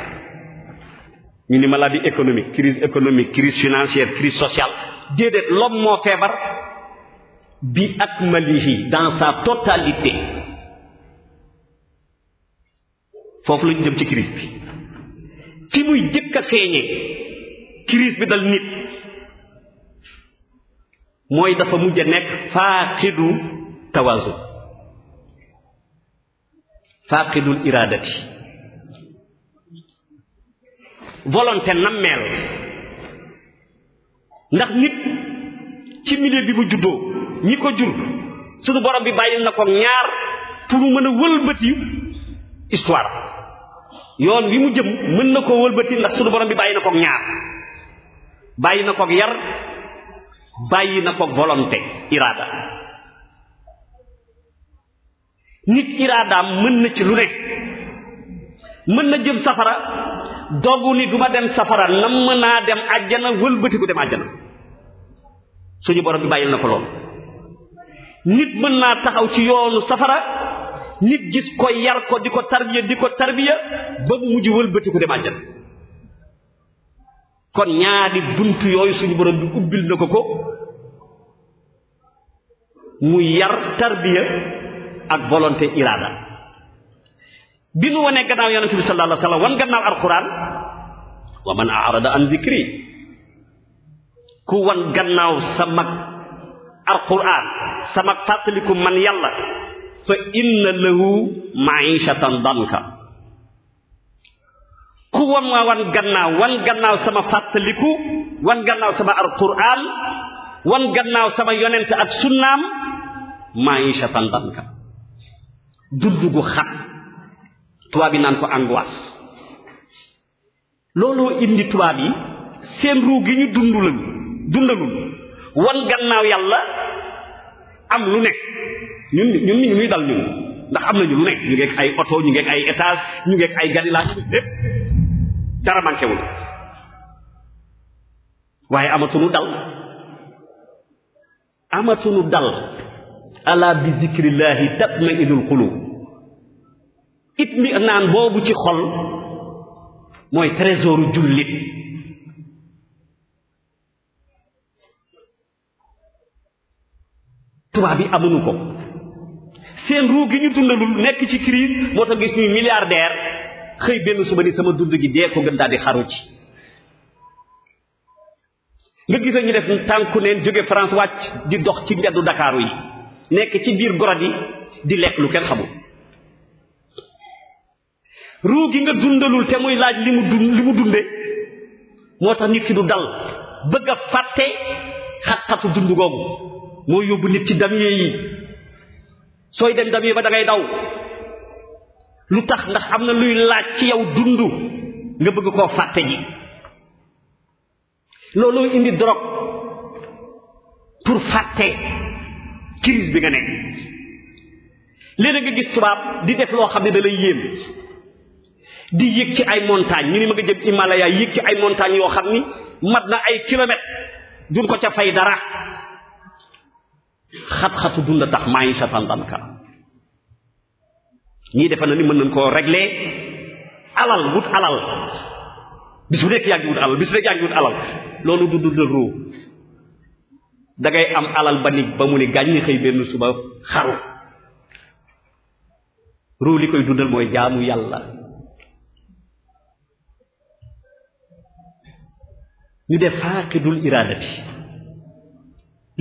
ñu ni maladie économique crise économique crise financière crise sociale déedéet l'homme moo feebar bi akmalihi dans sa totalité foofu lañu ñu jëm ci crise bi fi muy jëkk a feeñee crise bi dal nit mooy dafa mujj a nekk faaqidu tawaasun faaqidul iraadati volonté nammeel ndax nit ci milieu bi mu juddoo ñi ko jur suñu borom bi bàyyil na ko ñaar pour mu mën a wëlbati histoire yoon wi mu jëm mën na koo wëlbati ndax sunu borom bi bàyyi na koog ñaar bàyyi na koog yar bàyyi na koog volonté iraada nit iraadaam mën na ci lu ne mën na jëm safara dogu ni duma dem safara nam mën naa dem àjjana wëlbatiku dem àjjana suñu borom bi bàyyil na ko loolu nit mën naa taxaw ci yoonu safara nit gis ko yar ko di ko tarbiya di ko tarbiya ba mu mujj wëlbati dem àjjan kon ñaari bunt yooyu suñu borom bi ubbil na ko ko mu yar tarbiya ak volonté iraada bi nu wanee gannaaw yonente bi sallallahu wan gannaaw alquran wa man arada an dikri ku wan gannaaw sama alquran sama fàttaliku man yàlla fa inna lahu maishatan danka ku wan ma wan gannaaw wan gannaaw sama fàttaliku wan gannaaw sama alquran wan gannaaw sama yonent ak sunnaam maishatan danka dund gu xat tubaab yi naan ko angoisse looloo indi tubaab yi seen ruu gi ñu dundalul dundalul wan gannaaw yàlla am lu nekk ñun ñun ñu muy dal ñun ndax am nañu lu nekk ñu ngeeg ay oto ñu ngeeg ay étage ñu ngeeg ay gadilaa ñu lépp dara manqué wul waaye amatunu dal amatunu dal ala bi zikrillahi tatma'innul qulub it mi naan boobu ci xol mooy trésor jullit tubaab bi amunu ko seen ruu ñu dundalul nekk ci crise moo tax gis ñuy milliardaire xëy benn suba ni sama dund gi dee ko gën daal di xaru ci nga gis ñu def tànku neen jóge France wàcc di dox ci mbeddu Ndakaaru yi nekk ci biir gorod yi di lekk lu kenn xamul ruu nga dundalul te muy laaj li mu dund li mu dunde moo tax nit ki du dal bëgg a fàtte xat-xatu dund googu moo yóbbu nit ci damier yi sooy dem damier ba da ngay daw lu tax ndax am na luy laaj ci yow dund nga bëgg koo fàtte ji loolu indi drogue pour fàtte crise bi nga ne léeg-léeg nga gis tubaab di def loo xam ne da lay yéem di yéeg ci ay montagne ñu ni ma nga jëm Himalaya yéeg ci ay montagnes yoo xam ni mat na ay kilomètres duñ ko ca fay dara xat-xatu dund tax maa ngi sa tàndanka ñii defe na ni mën nañ koo régler alal wut alal bis bu nekk yaa wut alal bis bu nekk yaa wut alal loolu du dundal ruu da am alal ba ni ba mu ne gaañ xëy benn suba xaru ruu li koy dundal mooy jaamu yàlla ñu def faaqidul iradati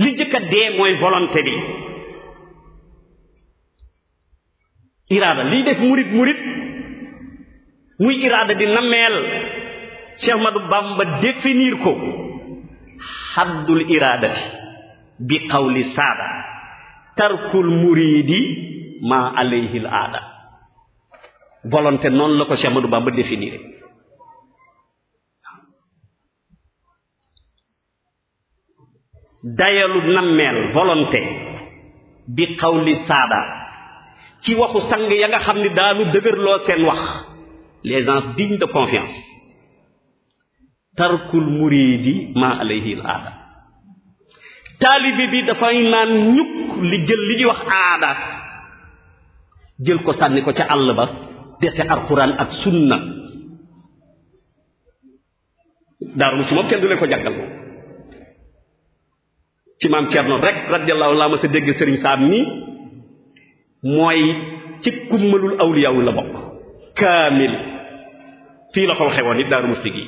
li njëkk a dee mooy volonté bi iraada liy def murit murit muy iraada di nammeel Cheikh Ahmadou Bamba définir ko xaddul iraadati bi qawli saada tarkul muridi ma alayhi aada volonté noonu la ko Cheikh Ahmadou Bamba définir dayalu nammeel volonté bi xawli saada ci waxu sang ya nga xam ni daanu dëgërloo seen wax les gens dignes de confiance tarkul muridi ma alayhi al aada taalibe bi dafay naan ñukk li jël li ñuy wax aada jël ko sànni ko ca àll ba dese alxuraan ak sunna daaru su moom kenn du leen ko jàngal ci maam Thierno rek radiyallahu laa ma sa dégg sëriñ saam nii mooy ci kummalul awliyaawu la bokk kaamil fii la ko xewoon it daaru musti gi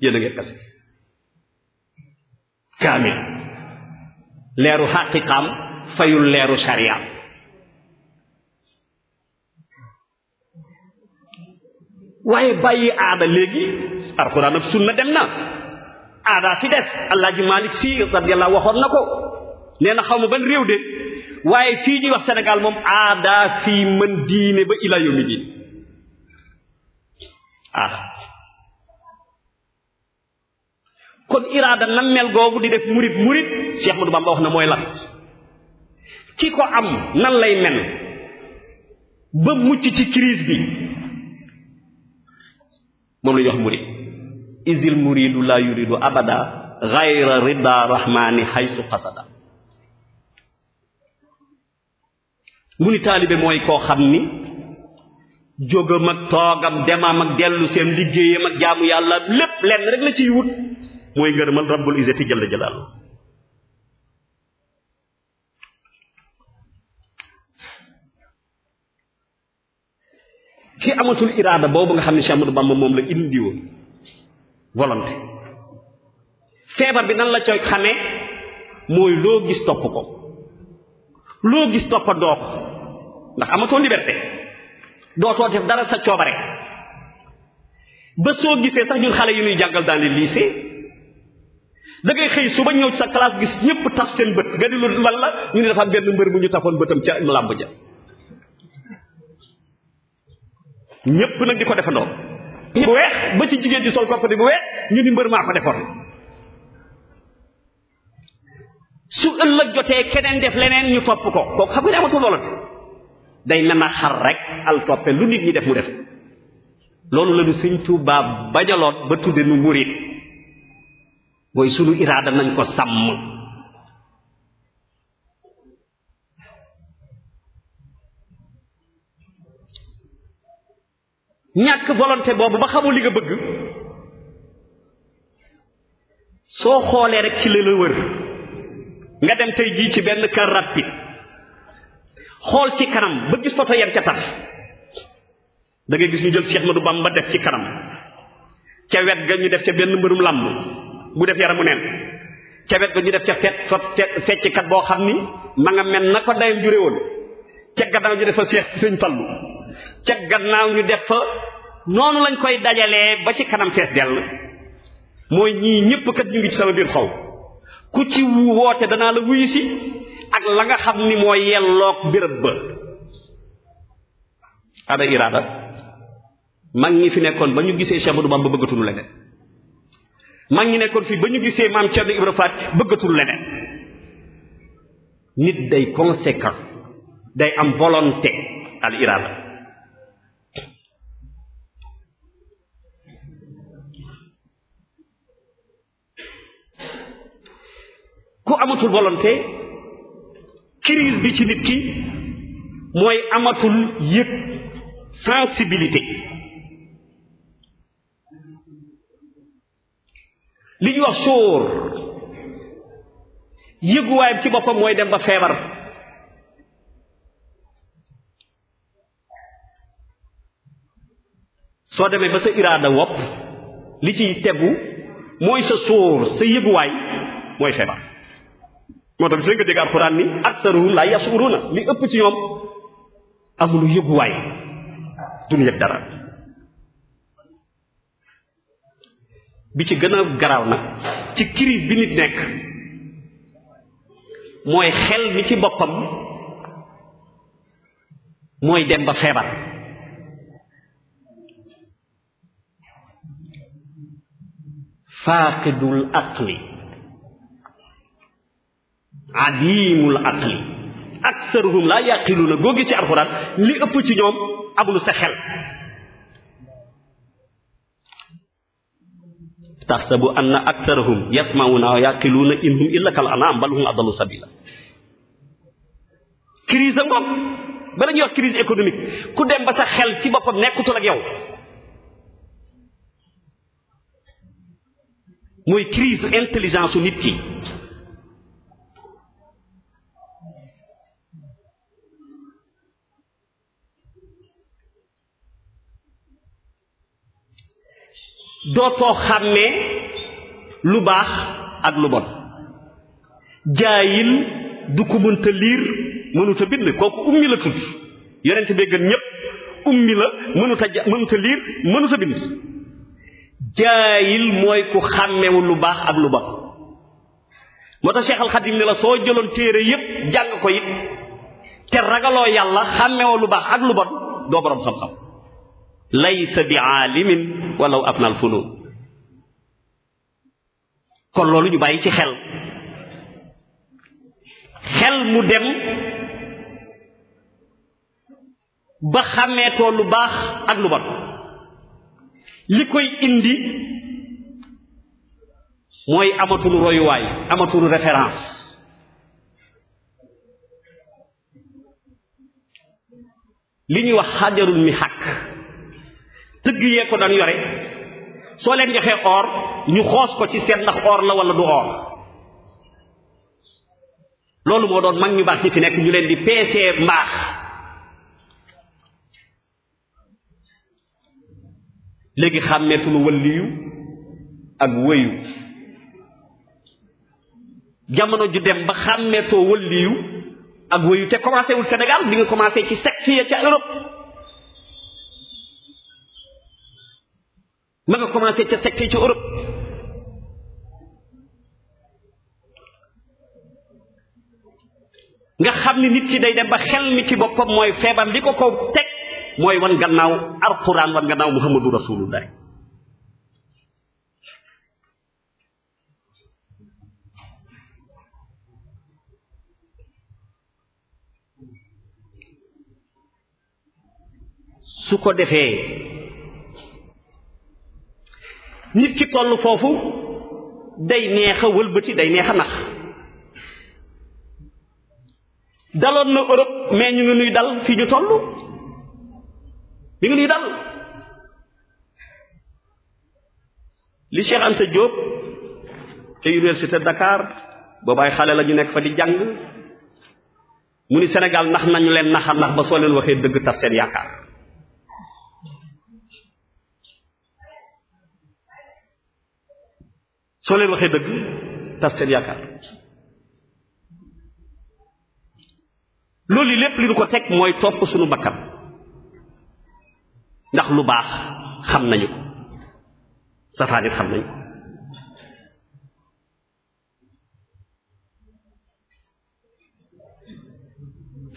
yéen a ngeen kase kaamil leeru xaqiqaam fayul leeru sariyaam waaye bàyyi aada léegi alxuraan ak sunna dem na aadaa fi des Alaaji Malik Si waxoon na ko nee na xaw ma ban réew de waaye fii ñuy wax Sénégal moom aadaa fii mën diine ba ila yomi kon iraada nammeel googu di def murit murit Cheikh Ahmadou Bamba wax na mooy lan ki ko am nan lay mel ba mucc ci crise bi moom la wax murit isil muridu la yuridu abada gayra rida rahmani haysu qasada mu ni taalibe mooy koo xam ni jógam ak toogam demam ak dellu liggéeyam ak jaamu yàlla lépp lenn rek la ciy wut mooy ngërëmal rabbul izzati jalla jalaalu ki amatul iraada boobu nga xam ne Cheikh Ahmadou Bamba moom la indi volonté feebar bi nan la coy xamee mooy loo gis topp ko loo gis toppa doo ko ndax amatoo liberté dootoo def dara sa coobare ba soo gisee sax ñun xale yu ñuy jàngal dans les dangay xëy suba ñëw sa classe gis ñëpp tax seen bët nga di lu lan la ñu ne benn mbër bu ñu tafoon bëtam ca làmb ja ñëpp nag di ko defandoo bu weex ba ci jigéen ci sol koppati bu weex ñu ni mbër maa ko defoon su ëllëg jotee keneen def leneen ñu topp ko kooku xam nga ne amatul loolu day mel na xar rek al toppe lu nit ñi def mu def loolu la ñu sëñ Tuubaa bajaloon ba tudde nu murit mooy sunu iraada nañ ko sàmm ñàkk volonté boobu ba xamul li nga bëgg soo xoolee rek ci la wër nga dem tey jii ci benn car rapide xool ci kanam ba gis photo yan ca taf da ngay gis ñu jël Cheikh Ahmadou Bamba def ci kanam ca wet ga ñu def ca benn mbërum làmb bu def mu neen ca wet ga ñu def ca fet fecckat boo xam ni ma nga mel na ko dayam jure woon ca gannaaw ñu defa Cheikh Sëñ Fallu ca gannaaw ñu def fa noonu lañ koy dajale ba ci kanam fees dell mooy ñii ñëpp kat ñu ngi ci sama biir xol ku ci wu woote danaa la wuyu si ak la nga xam ni mooy yelloog béréb ba ada iraada mag ñi fi nekkoon ba ñu gisee Cheikh Ahmadou Bamba bëggatul leneen mag ñi nekkoon fii ba ñu gisee maam Thierno bëggatul leneen nit day conséquent day am volonté al iraada ku amatul volonté crise bi ci nit ki mooy amatul yëg sensibilité li ñuy wax sóor yëguwaayam ci boppam mooy dem ba feebar soo demee ba sa iraada wopp li ciy tegu mooy sa sóor sa yëguwaay mooy feebar moo tax seen nga dégg alxuraan ni aksaruhum la yasuruuna li ëpp ci ñoom amulu yëguwaay duñu yëg dara bi ci gën a garaaw nag ci crise bi nit nekk mooy xel mi ci boppam mooy dem ba feebar faaqidul aqli adimul aqli aksaruhum laa yaqiluuna googi ci alxuraan li ëpp ci ñoom amul sa xel taxsabu anna aksarahum yasmauna wa yaqiluuna inhum illa kal anam bal hum adallu sabila crise a ngoog bala ñuy wax crise économique ku dem ba sa xel ci boppam nekkutul ak yow mooy crise intelligence nit ki dootoo xàmmee lu baax ak lu bon jaayil du ko mënta liir mënuta bind kooku ummi la tudd yonent bee gën ñépp ummi la mënuta ja mënuta liir mënuta bind jaayil mooy ku xàmmewu lu baax ak lu bon moo tax Cheikh Al ne la soo jëloon téere yépp jàng ko it te ragaloo yàlla xàmmewoo lu baax ak lu bon doo boroom xam-xam laysa bi aalimin walaw ab naal funuun kon loolu ñu bàyyi ci xel xel mu dem ba xàmmeetoo lu baax ak lu bon li koy indi mooy amatul royuwaay amatul référence li ñuy wax xajarul mi xàkk tëgg yee ko daan yore soo leen joxee or ñu xoos ko ci seet ndax or la wala du or loolu moo doon mag ñu baax ñi fi nekk ñu leen di peesee mbaax léegi xàmmeetul wëlliyu ak wëyu jamono ju dem ba xàmmeetoo wëlliyu ak wëyu te commencé wul Sénégal bi nga commencé ci secte ya ca Europe ma nga commencé ca secte ci Europe nga xam ni nit ki day dem ba xel mi ci boppam mooy feebar li ko ko teg mooy wan gannaaw alquran wan gannaaw muhammadu rasulullah su ko defee nit ki toll foofu day neex a wëlbati day neex a nax daloon na Europe mais ñu ngi nuy dal fii ñu toll ñu ngi nuy dal li Cheikh Anta Diop te université Dakar boobaay xale la ñu nekk fa di jàng mu ni Sénégal ndax nañu leen naxa nax ba soo leen waxee dëgg tas seen yaakaar soo leen waxee dëgg tas seen yaakaar loolu lépp li ñu ko teg mooy topp suñu bakkan ndax lu baax xam nañu ko safaanit xam nañu ko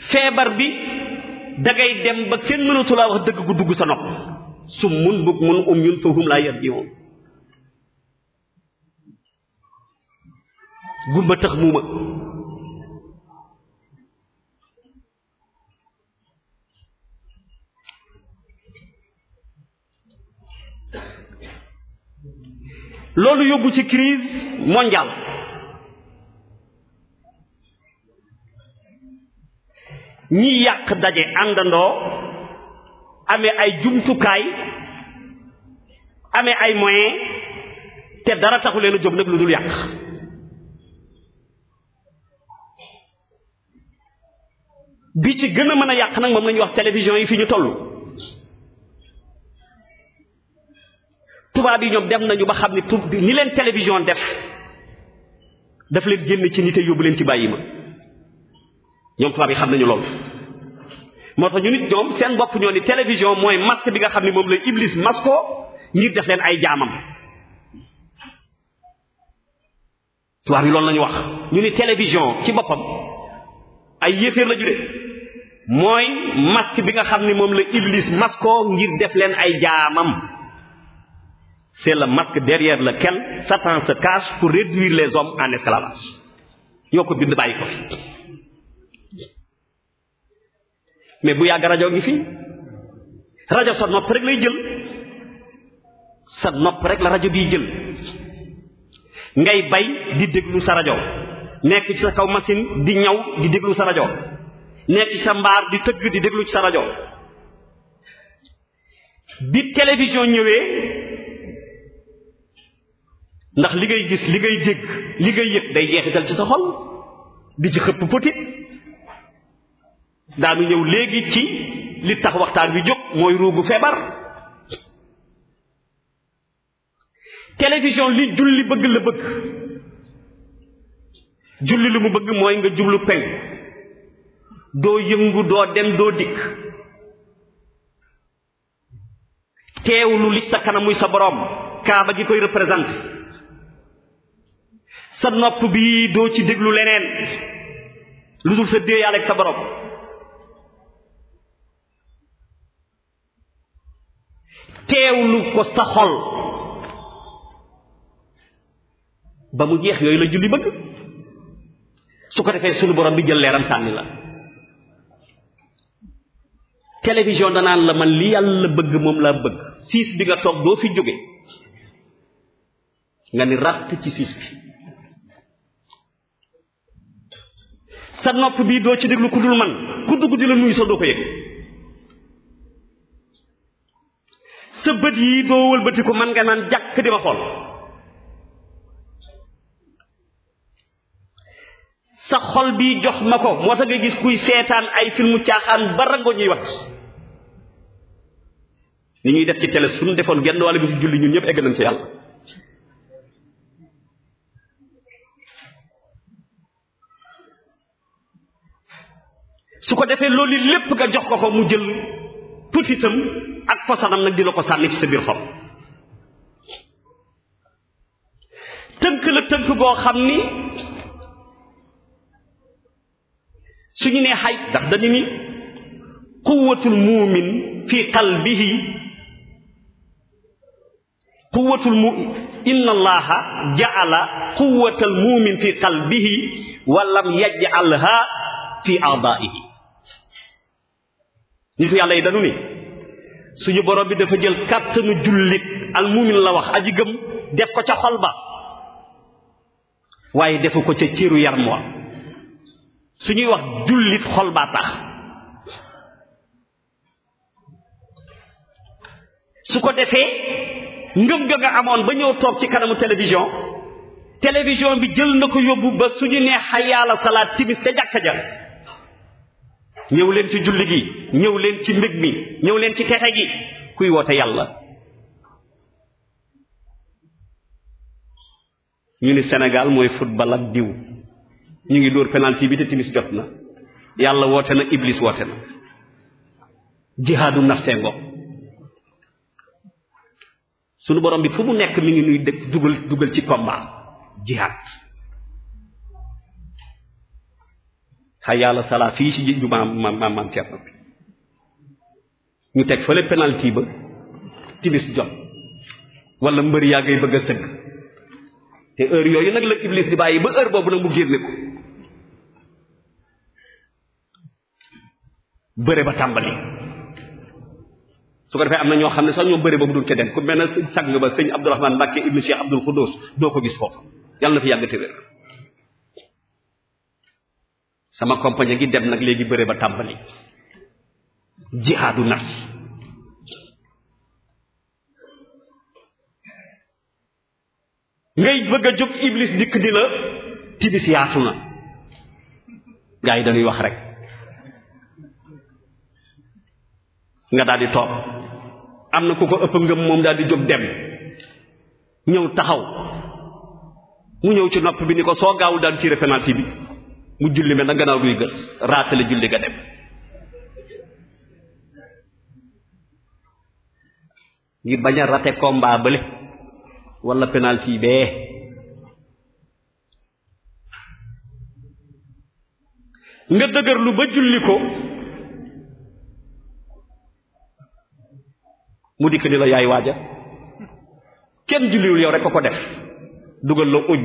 feebar bi dangay dem ba kenn mënatu laa wax dëgg gu dugg sa nopp su mun bug mun um yun fa hum laa yar jiwoon gumba tax muuma loolu yóbbu ci crise mondiale ñi yàq daje àndandoo ame ay jumtukaay amee ay moyen te dara taxu leen a jóg nag lu dul yàq bi ci gën a mën a yàq nag moom la wax télévision yi fi ñu toll tubaab yi ñoom dem nañu ba xam ni tub ni leen télévision def daf leen génn ci nit yóbbu leen ci bàyyi ma ñoom tubaab yi xam nañu loolu moo tax ñu nit ñoom seen bopp ñoo ni télévision mooy masque bi nga xam ne moom la Iblis masque ngir def leen ay jaamam tubaab yi loolu lañu wax ñu ni télévision ci boppam ay yéeféer la jude mooy masque bi nga xam ne moom la iblis maskoo ngir def leen ay jaamam c'est le masque la kenn Satan se cache pour réduire les hommes en esclavage ñoo ko bind bàyyi ko fi mais bu yàgg rajo ngi fi rajo sa nopp rek lay jël sa nopp rek la rajo biy jël ngay bay di déglu sa rajo nekk ci sa kaw machine di ñaw di déglu sa rajo nekk ci sa mbaar di tëgg di déglu ci sa rajo bi télévision ñëwee ndax li ngay gis li ngay dégg li ngay yëg day jeexital ci sa xol di ci xëpp petit daanu ñëw léegi ci li tax waxtaan wi jóg mooy ruugu feebar télévision li julli bëgg la bëgg julli lu mu bëgg mooy nga jublu penk doo yëngu doo dem doo dikk teewlu li sa kanam muy sa boroom kaaba gi koy représenté sa nopp bi doo ci déglu leneen lu dul sa dee yàlla ak sa boroom teewlu ko sa xol ba mu jeex yooyu la julli bëgg su ko defee sunu boroom bi jël leeram sànni la télévision danaan la man li yàlla bëgg moom laa bëgg siis bi nga toog doo fi jóge nga ni ràtt ci siis bi sa nopp bii doo ci déglu ku dul man ku dugg di la nuyu sa doo ko yëg sa bët yi doo wëlbati man nga naan jàkk di ma xool sa xol bi jox ma ko moo tax nga gis kuy seetaan ay filmu caaxaan ba rango ñuy wax ni ñuy def ci télé suñu defoon genn wàll bi ci julli ñun ñëpp egg nañ ci yàlla su ko defee loolu lépp nga jox ko ko mu jël tuutitam ak posanam nag di ko sànni ci sa biir xol tënk la tënk goo xam ni suñu nee ndax dañu ni quwatul muumin fi qalbihi quwwatul mu inna allaha ja'ala quwwatal mu'min fi qalbihi wa lam yaj'alha fi a'da'ihi nitu yàlla yi dañu ni suñu borom bi dafa jël kàttanu jullit al mu'min la wax aji gëm def ko ca xol ba waaye defu ko ca cëru yaram wa suñuy wax jullit xol baa tax su ko defee ngëm ga nga amoon ba ñëw toog ci kanamu télévision télévision bi jël na ko yóbbu ba su suñu ne xayaala salaat timis ca jàkka ja ñëw leen ci julli gi ñëw leen ci mbég mi ñëw leen ci texe gi kuy woote yàlla ñu ni Sénégal mooy football ak diw ñu ngi dóor penalti bi te timis jot na yàlla woote na iblis wote na jihaadu nafsee ngoog sunu borom bi fu mu nekk mi ngi nuy dëkk dugal dugal ci combat jihad xay yàlla salaa fii ci ju maam maam maam Cerno bi ñu teg fële penalty ba timis jot wala mbër yaa ngay bëgg a sëgg te heure yooyu nag la iblis di bàyyi ba heure boobu nag mu génne ko bëre ba tàmbali su ko defee am na ñoo xam ne sax ñoom bëri ba mu dul ca dem ku mel ne sëñ sang ba sëñ Abdourahmane Mbacke ibnu Cheikh doo ko gis foofu yàlla na fi yàgg te wér sama compagnie gi dem nag léegi bëre ba tàmbali jihaadu nafs ngay bëgg a jóg iblis dikk di la tibis yaatu na gaa yi dañuy wax rek nga daal toog am na ku ko ëpp ngëm moom daal di jóg dem ñëw taxaw mu ñëw ci nopp bi ni ko soo gaawul daal tiré penalty bi mu julli mel na gannaaw luy gës raatale julli ga dem ngir bañ a rate combat bële wala penalty bee nga dëgër ba julli ko mu dikk ni la yaay waaja kenn julliwul yow rek ko ko def dugal la uj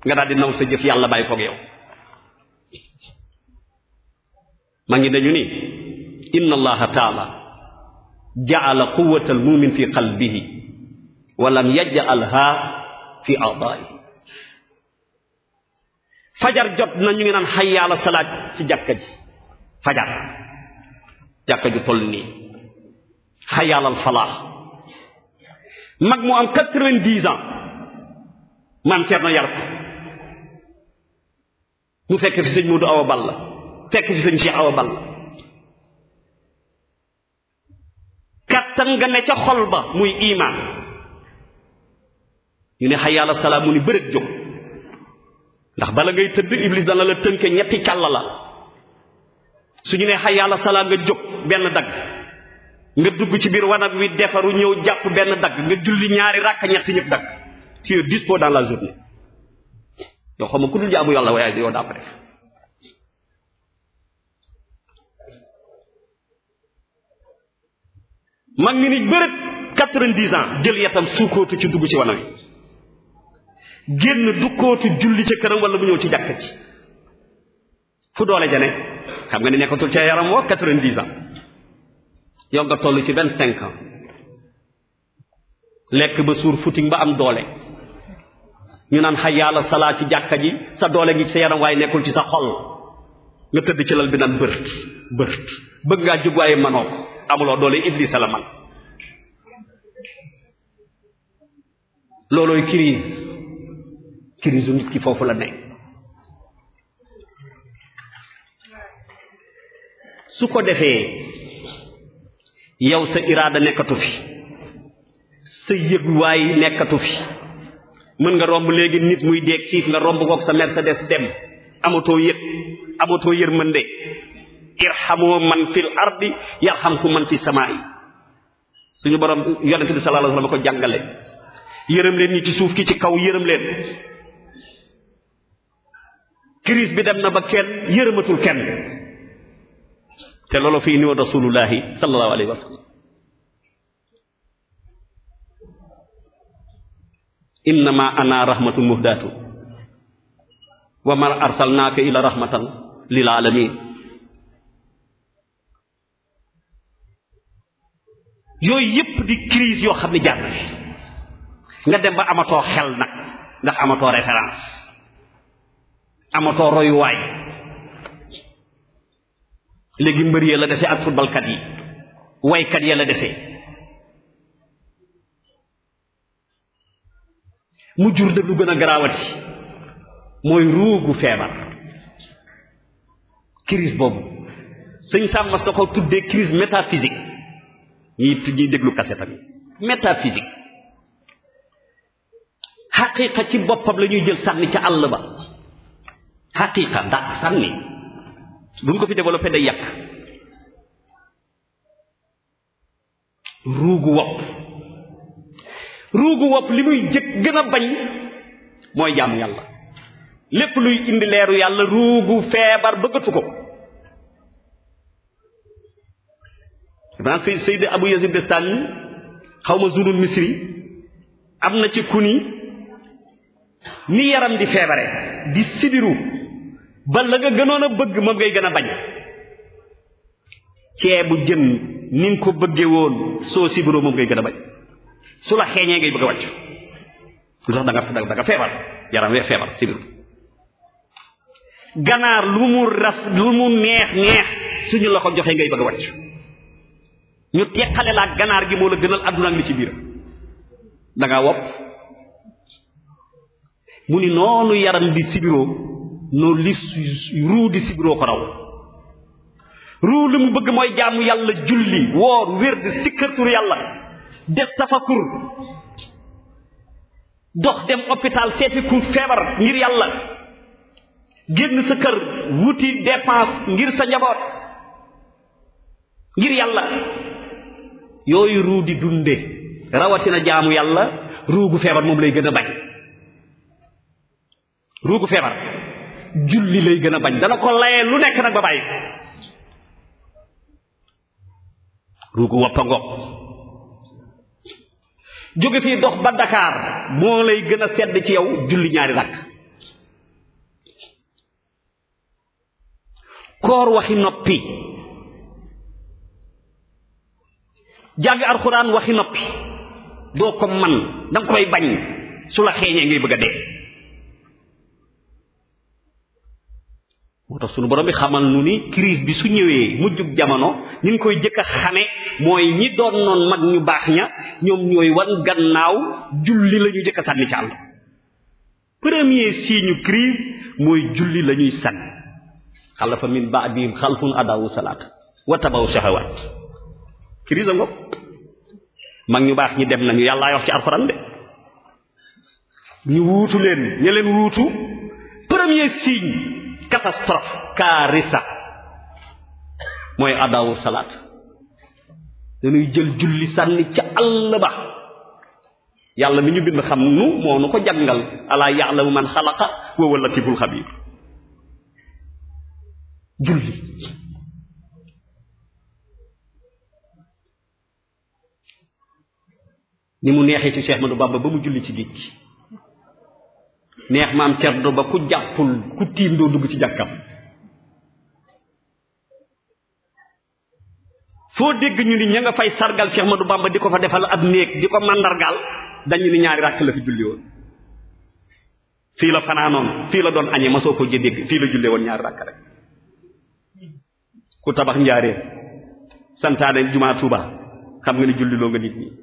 nga daal di naw sa jëf yàlla bàyyi koog yow maa ngi dañu ni inna allaha taala jaala quwata almumin fi qalbihi wa lam yajalha fi aadaayihi fajar jot na ñu ngi naan xayyaala salaat ci jàkka ji fajar jàkka ju toll nii xayaalal falaax mag mu am quatre-vingt-dix ans maam Cerno yar ko mu fekk fi sëñ Moodu Awa Balla fekk fi sëñ Cheikh Awa Balla kàttan nga ne ca xol ba muy imaan ñu ne xayaala salaam mu ni bërët jóg ndax bala ngay tëdd iblis dana la tënke ñetti càll la su ñu ne xayaala salaam nga jóg benn dagg nga dugg ci biir wanag wi defaru ñëw jàpp benn dagg nga julli ñaari rakk ñetti ñëpp dagg tu es dispo dan la journée yow xam ku dul jaamu yàlla waaye yow daa ko def ni bërët quatre vingt ans jël yatam suukootu ci dugg ci wanag wi génn dukkootu julli ca këram wala mu ñëw ci jàkk ci fu doole jane xam nga ne nekkatul ci yaram woo quatre-vingt-dix ans yow nga toll ci vingt cinq ans lekk ba suur futin ba am doole ñu naan xay yàlla salaat ci jàkka ji sa doole ngi ci sa yaram waaye nekkul ci sa xol nga tëdd ci lal bi naan bërët bërët bëgg ngaa jóg manoo ko amuloo doole iblis la man loolooy crise crise nit ki foofu la nekk su ko defee yow sa iraada nekkatu fi sa yëguwaay nekkatu fi mën nga romb léegi nit muy deeg xiif nga romb kook sa Mercedes dem amatoo yëg amatoo yërmande irhamu man fil ardi yarhamkum man fi samaa'i suñu borom yonente bi sallallahu alayhi wasallam ko jàngale yërëm leen ñi ci suuf ki ci kaw yërëm leen crise bi dem na ba kenn yërëmatul kenn te loolu fi indi woon rasulullahi sallallahu alayhi wa sallam innama ana rahmatun muhdatu wa ma ila rahmatan lil alamin yooyu yépp di crise yoo xam ne jaar na nga dem ba amatoo xel nag ndax amatoo référence amatoo royuwaay léegi mbër yee la dese ak footballkat yi woykat yee la dese mu jur dëgg lu gën a garaawati mooy ruugu feebar crise boobu sëñ sàmm sa ko tuddee crise métaphysique ñiy ñuy déglu kase tamit métaphysique xaqiiqa ci boppam lañuy jël sànni ca àll ba xaqiiqa ndax sànni buñ ko fi développé day yàq ruugu wopp ruugu wopp li muy jëkk gën a bañ mooy jaamu yàlla lépp luy indi leeru yàlla ruugu feebar bëggatu ko maanaam Seyd Seyd Abu Yazid Bestami xaw ma zunul misri am na ci kuni ni yaram di feebare di sibiru ba la nga gënoon a bëgg moom ngay gën a bañ ceebu jën ni nga ko bëggee woon soo sibroo moom ngay gën a bañ su la xeeñee ngay bëgg a lu tax da nga feebar yaram wee feebar sibir ganaar lu mu raf lu mu neex neex suñu la ko joxee ngay bëgg a wàcc ñu teqale laa ganaar gi moo la gënal àdduna ak li ci biir da wopp mu ni noonu yaram di sibiroo no li ruu di sibiroo ko raw ruu li mu bëgg mooy jaamu yàlla julli woor wér di sikkartur yàlla def tafakur dox dem hôpital seeti ku feebar ngir yàlla génn sa kër wuti dépense ngir sa njaboot ngir yàlla yooyu ruu di dunde rawatina jaamu yàlla ruugu feebar moom lay gën a bañ ruugu feebar julli lay gën a bañ dana ko layee lu nekk nag ba bàyyi ruugu woppa ngoog jóge fii dox ba Dakar moo lay gën a sedd ci yow julli ñaari rakk koor waxi noppi jàng alxuraan waxi noppi doo ko man danga koy bañ su la xeeñee ngay bëgg dee moo tax sunu borom bi xamal nu ni crise bi su ñëwee mujjub jamono ñu ngi koy jëkk a xame mooy ñi doon noon mag ñu baax ña ñoom ñooy wan gannaaw julli la ñu jëkk a sànni ci àll premier signe crise mooy julli la ñuy sànni xalafa min baadihim xalfun adawu salaat wa tabaw shahawat crise a ngoog mag ñu baax ñi dem nañu yàllaa yox ci alxuraan de ñu wuutu leen ña leen wuutu premier signe catastrophe kaarisa mooy adaawu salaat dañuy jël julli sànni ca àll ba yàlla mi ñu bind xam nu moo nu ko jàngal alaa ya'lamu man xalaqa wa huwa latiful xabiir julli ni mu neexee ci Cheikh Madou Bamba ba mu julli ci géej neex maam cerdo ba ku jàppul ku tiim doo dugg ci jàkkam foo dégg ñu ni ña nga fay sargal Cheikh Madou Bamba di ko fa defal ab néeg di ko màndargaal dañu ni ñaari ràkk la fi julli woon fii la fanaanoon fii la doon añee ma soo ko dégg fii la julle woon ñaari ràkk rek ku tabax njaareer santaane jumaa Tuuba xam nga ni julliloo nga nit ñi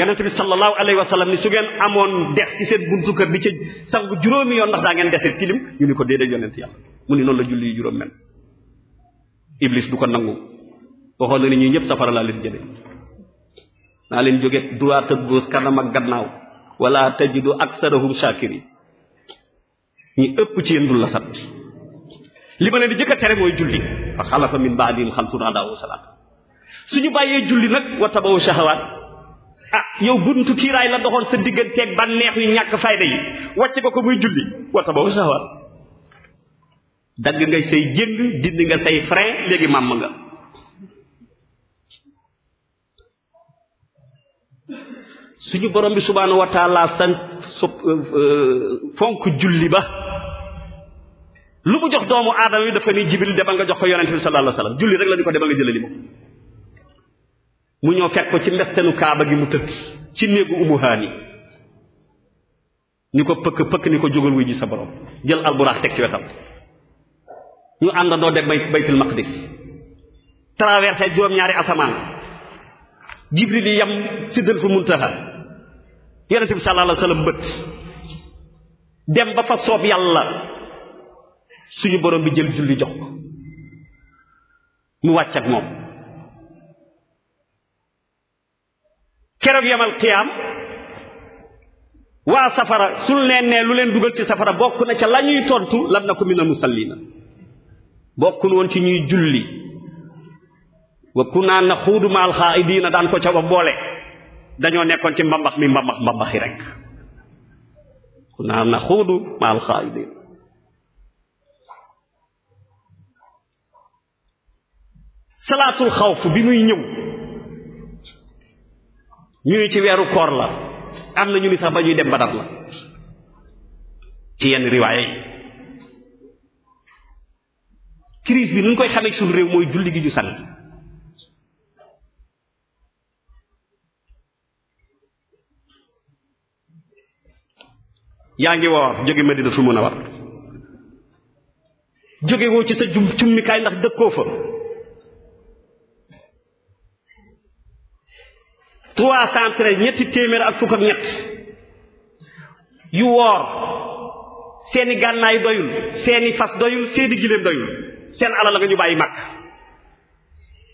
yonente bi sallallahu alayhi wa sallam ni su ngeen amoon dex ci seen buntu kër di ca sangu juróomi yoon ndax daa ngeen desee tilim ñu ni ko déedéet yonent yàlla mu ni noonu la julli yi juróom mel iblis du ko nangu waxoon na ni ñuy ñëpp safara laa leen jëlee naa leen jóge droite ak kanam ak gannaaw wala tajidu aksarahum shakirin ñi ëpp ci yéen dul la li ma leen di jëkk a tere mooy julli fa xalafa min baadihim xalfun adaawu salaat suñu bàyyee julli nag wa tabawu ah yow buntu kiiraay la doxoon sa digganteeg bànneex yu ñàkk fayda yi wàcc nga ko muy julli wata boobu saxawaat dagg nga say jënd dindi nga say frein léegi màmm nga suñu borom bi subhaanahu wa taala sant euh, euh, fonk julli ba lu mu jox doomu aadama bi dafa ni jibril demal nga jox ko yonente bi sallallahu alayhi julli rek la ñu ko demal nga jëlali moom mu ñëw fekk ko ci mbestanu kaaba gi mu tëdd ci néegu umu haani ni ko pëkk pëkk ni ko jógal wuy ji sa borom jël alburaax teg ci wetam ñu àndandoo dem bay baytul maqdis traversé juróom-ñaari asamaan jibril yi yam sidratul muntaha yonente bi sallallahu alayhi bët dem ba fa soob yàlla suñu borom bi jël julli jox ko mu wàcc moom keroog yamal qiyaam waa safara su leen nee lu leen dugal ci safara bokk na ca la ñuy tontu lam na ko minal musallina bokkun woon ci ñuy julli wa na xuudu ma alxaa'idiina daan ko ca ba boole dañoo nekkoon ci mbambax mi mbambax mbambaxi rek kunna naxuudu ma alxaa'idiina salaatul xawf bi muy ñëw ñuy ci weeru koor la am na ñu ni sax ba ñuy dem badar la ci yenn riwaaye yi crise bi nu ñu koy xamee suñu réew mooy julli gi ñu sang yaa ngi woor jóge Madina su mun a war jóge woo ci sa jum cummikaay ndax dëkkoo fa trois cent treize ñetti téeméer ak fukk ak ñett yu woor seeni gànnaay doyul seeni fas doyul seeni giléem doyul seen alal nga ñu bàyyi màkk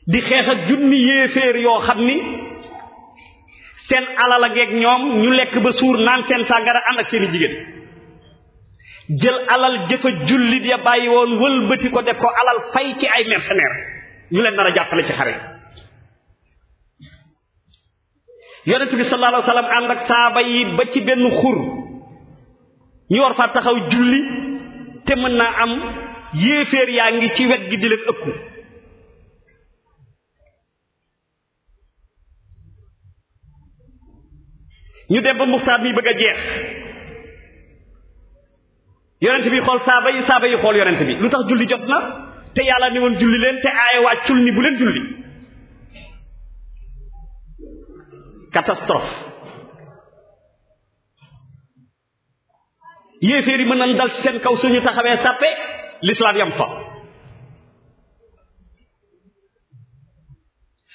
di xeex ak junni yéeféer yoo xam ni seen alal a ngeeg ñoom ñu lekk ba suur naan seen sàngara ànd ak seeni jigéen jël alal jëfa jullit ya bàyyi woon wëlbati ko def ko alal fay ci ay mercenaires ñu leen nar a jàppale ci xare yonent bi sallallahu alayhi ànd ak saaba yi ba ci benn xur ñu war fa taxaw julli te mën naa am yéeféer yaa ngi ci wet gi di leen ëkku ñu dem ba muxtaar mi bëgg a jeex yonent bi xool saaba yi saaba yi xool yonent bi lu tax julli jot na te yàlla ni woon julli leen te aaya wàccul ni bu leen julli catastrophe yéeféer yi mën nañ dal ci seen kaw suñu taxawee sàppe lislaam yam fa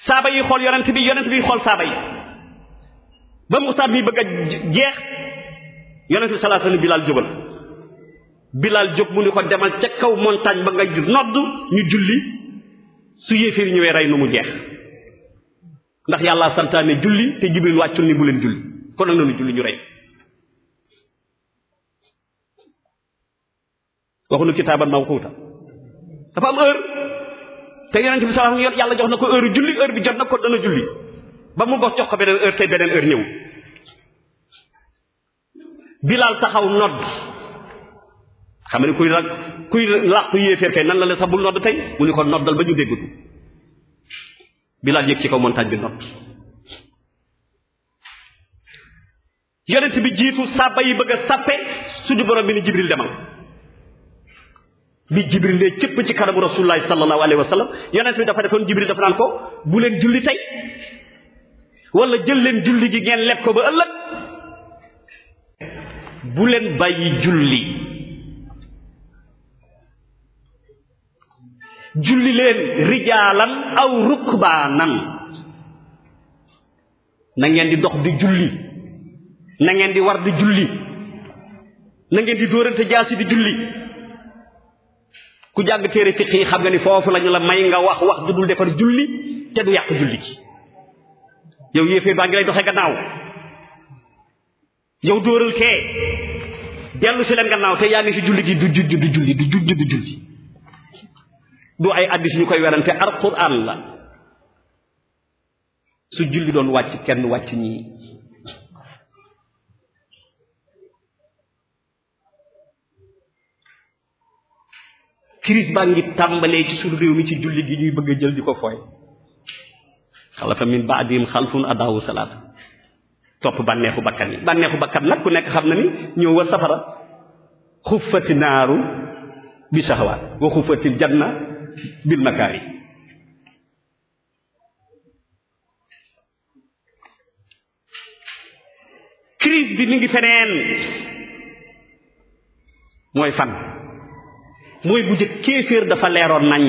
saaba yi xool yonent bi yonent bi xool saaba yi ba muxtaar bi bëgg a jeex yonent bi sallallahu alayhi wasallam jógal bilaal jóg mu ni ko demal ca kaw montagne ba nga nodd ñu julli su yéeféer yi ñëwee rey nu mu jeex ndax yàlla santaane julli te jibril wàccul ni bu leen julli kon nag nañu julli ñu rey waxuñu kitaaban mawquuta dafa am heure te yonent bi sallallahu alayhi wasallam yàlla jox na ko heure julli heure bi jot na ko dana julli ba mu gox jox ko beneen heure tey beneen heure ñëw bilaal taxaw nodd xam ne kuy rak kuy làqu yéeféer kay nan la la sax bul nodd tey mu ne ko noddal ba ñu déggutu bilaal yëg ci kaw montagne bi noppi yonent bi jiitu sàbba yi bëgg a suñu borom bi ni jibril demal bi jibril ne cëpp ci kanamu rasulullahi sallallahu alayhi wa sallam yonent bi dafa defoon jibril dafa naan ko buleen leen julli tey wala jël leen julli gi ngeen leb ko ba ëllëg buleen leen bàyyi julli julli leen rijaalan aw rukbaanan na nangeen di dox di julli na ngeen di war di julli na ngeen di dóorante jaasi di julli ku jàng téere fiq yi xam nga ni foofu lañu la may nga wax wax du dul defar julli te du yàq julli gi yow yéeféer baa ngi lay doxee gannaaw yow dóoral kee dellu si leen gannaaw te yaa si julli gi du jujj du julli du jujj du julli du ay addis ñu koy werante alquran la su julli doon wàcc kenn wàcc ñii crise baa ngi tàmbalee ci suñu réew mi ci julli gi ñuy bëgg a jël di ko fooy xalafa min baadim xalfun adaawu salaat topp bànneexu bakkan yi bànneexu bakkan nag ku nekk xam na ni ñëw war safara xuffati naaru bi saxawaat wa xuffati janna bil makaari crise bi mi ngi feneen mooy fan mooy bu jëkk kéeféer dafa leeroon nañ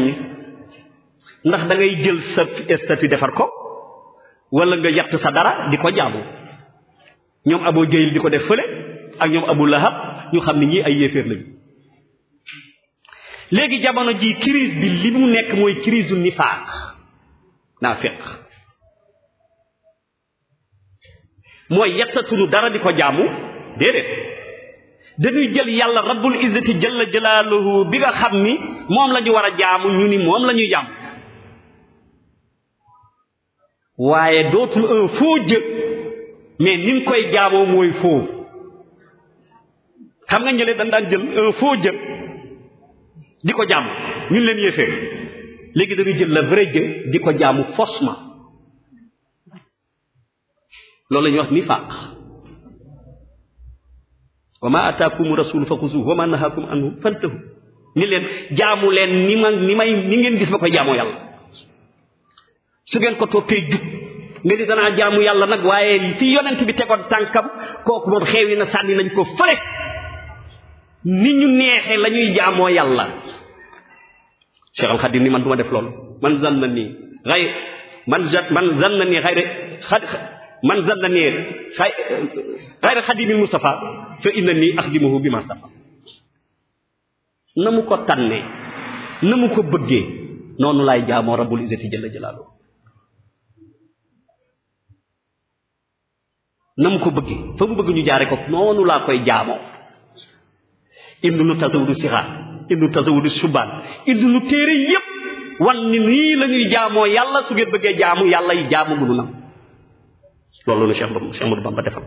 ndax dangay jël sa statut defar ko walla nga yatt sa dara di ko jaamu ñoom Abu Jahil di ko def fële ak ñoom Abu Lahab ñu xam ne ñii ay yéeféer lañu léegi jamono ji crise bi li mu nekk mooy crise nifaaq naafiq mooy yettatunu dara di ko jaamu déedéet dañuy jël yàlla rabbul izzati jalla jalaaluhu bi nga xam ni moom lañu war a jaamu ñu ni moom lañuy jàmm waaye dootul un faux mais ni koy jaamoo mooy faux xam nga ñële dañ daan jël foo jë di ko jaamu ñun leen yéefee léegi dañuy jël la vrai Dieu di ko jaamu faussement loolu la ñuy wax nifaaq wa ma ataakum rasul fa xusuhu wa ma nahakum anhu fantahu ni leen jaamu leen ni ma ni may ni ngeen gis ma koy jaamoo yàlla su ngeen ko toppee jub nga danaa jaamu yàlla nag waaye fi yonent bi tegoon tànkam kooku moom xeewi na sànni nañ ko fële nit ñu neexee lañuy jaamoo yàlla Cheikh Al Khadim ni man du def loolu man zan na nii man man zan na nii xay re man zan na nii xay xayra xadimil Mustafa na mu ko tànnee na mu ko bëggee noonu laay jaamoo rabbul izzati jalla jalaaluhu na mu ko bëggee fa mu bëgg ñu jaare ko noonu laa koy jaamoo indi lu tasawudu sixaar indi lu tasawudu yépp wan ni nii la ñuy jaamoo yàlla su ngeen bëggee jaamu yàlla yi jaamu mënu nam loolu la Cheikh Cheikh Ahmadou Bamba defal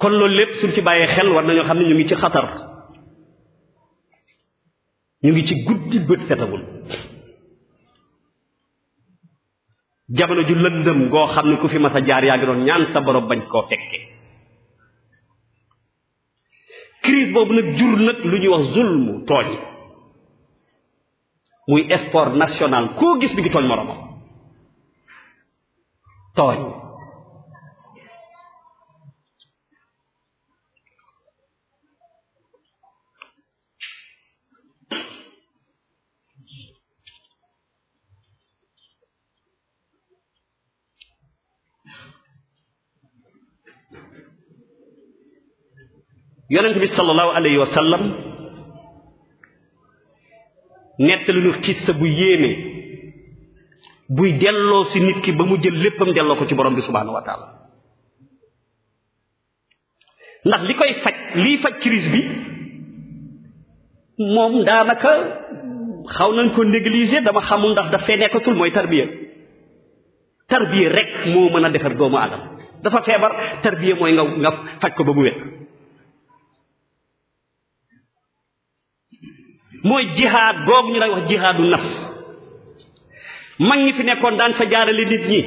kon loolu lépp suñ ci bàyyee xel war ñoo xam ne ñu ngi ci xatar ñu ngi ci guddi bët setagul jamono ju lëndëm goo xam ne ku fi mas a jaar yaa ngi doon ñaan sa borom bañ koo fekke crise boobu nag jur nag lu ñuy wax zulmu tooñ muy sport national koo gis bi ngi tooñ moromam tooñ yonent bi sallallahu alayhi wa sallam nettali nu kissa bu yéeme buy delloo si nit ki ba mu jël léppam delloo ko ci borom bi subhaanahu wa taala ndax li koy faj liy faj crise bi moom daanaka xaw nañ ko négliger dama xamul ndax daf fee nekkatul mooy tarbiya tarbiya rek moo mën a defar doomu aadama dafa feebar tarbiya mooy nga nga faj ko ba mu wér mooy jihaad googu ñu lay wax jihaadu nafs mag ñi fi nekkoon daan fa jaarale nit ñi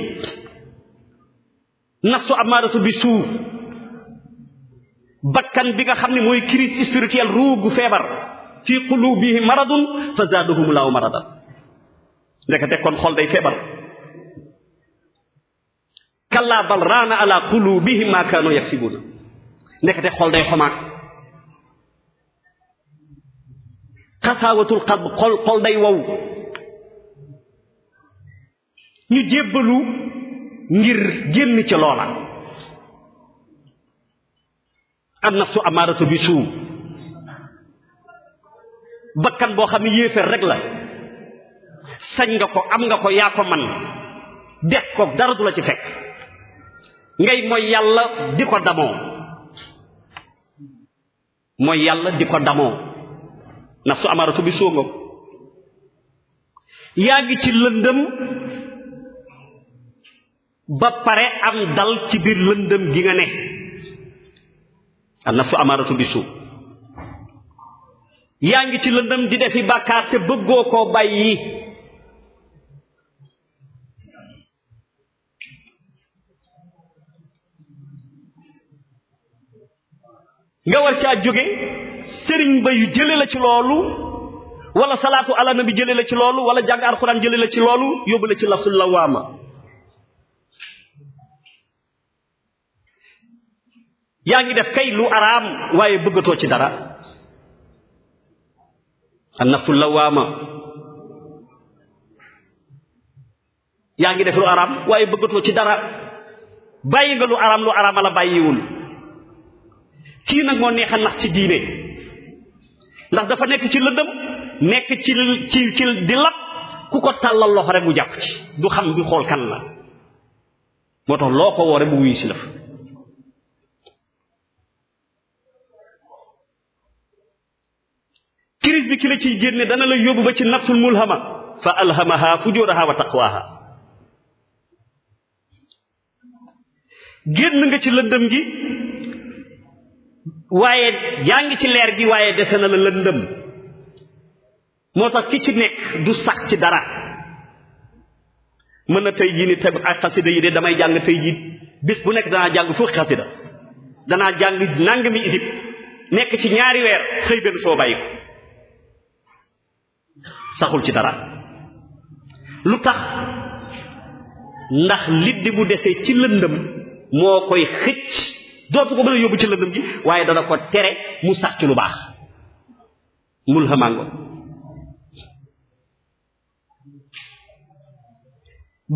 nafsu amaaratu bi suu bakkan bi nga xam ne mooy crise spirituelle ruugu feebar fii qulubihim maradun fa zaadahum laahu maradan ndekete kon xol day feebar kallaa bal raana ala qulubihim maa kaanu yaksibuuna ndekete xol day xomaak xasaawatul xalb xol xol day wow ñu jébbalu ngir génn ci loola an nafsu amaaratu bi suu bakkan boo xam ne yéeféer rek la sañ nga ko am nga ko yaa ko man def ko dara du la ci fekk ngay mooy yàlla di ko damoo mooy yàlla di ko damoo nafsu amaratu bi soo ngoog yàgg ci lëndëm ba pare am dal ci biir lëndëm gi nga ne an nafsu amaratu bi suu yaa ngi ci lëndëm di defi bàkkaar te bëggoo koo bàyyi nga war caa jóge sëriñ ba yu jële la ci loolu wala salaatu ala nabi jële la ci loolu wala jàng alquran jële la ci loolu yóbbu la ci lafsul lawaama yaa ngi def kay lu araam waaye bëggatoo ci dara an nafsul yaa ngi def lu araam waaye bëggatoo ci dara bàyyi nga lu araam lu araam ala bàyyiwul kii nag moo neex a nax ci diine ndax dafa nekk ci lëndëm nekk ci di lab ku ko tàllal loxo rek bu jàpp ci du xam du xool kan la moo tax loo ko woore bu wuyu si la fa crise bi ki la ciy génne dana la yóbbu ba ci nafsul mulhama fa alhamaha fujuraha wa taqwaha génn nga ci lëndëm gi waaye jàng ci leer bi waaye dese na la lëndëm moo tax ki ci nekk du sax ci dara mën na tey jii ni teb ak xasida yi de damay jàng tey jii bis bu nekk danaa jàng fukki xasida danaa jàng nangami isib nekk ci ñaari weer xëy benn soo bàyyi ko saxul ci dara lu tax ndax liddi bu desee ci lëndëm moo koy xëcc dootu ko mën a yóbbu ci lëndëm gi waaye dana ko tere mu sax ci lu baax mul xamaango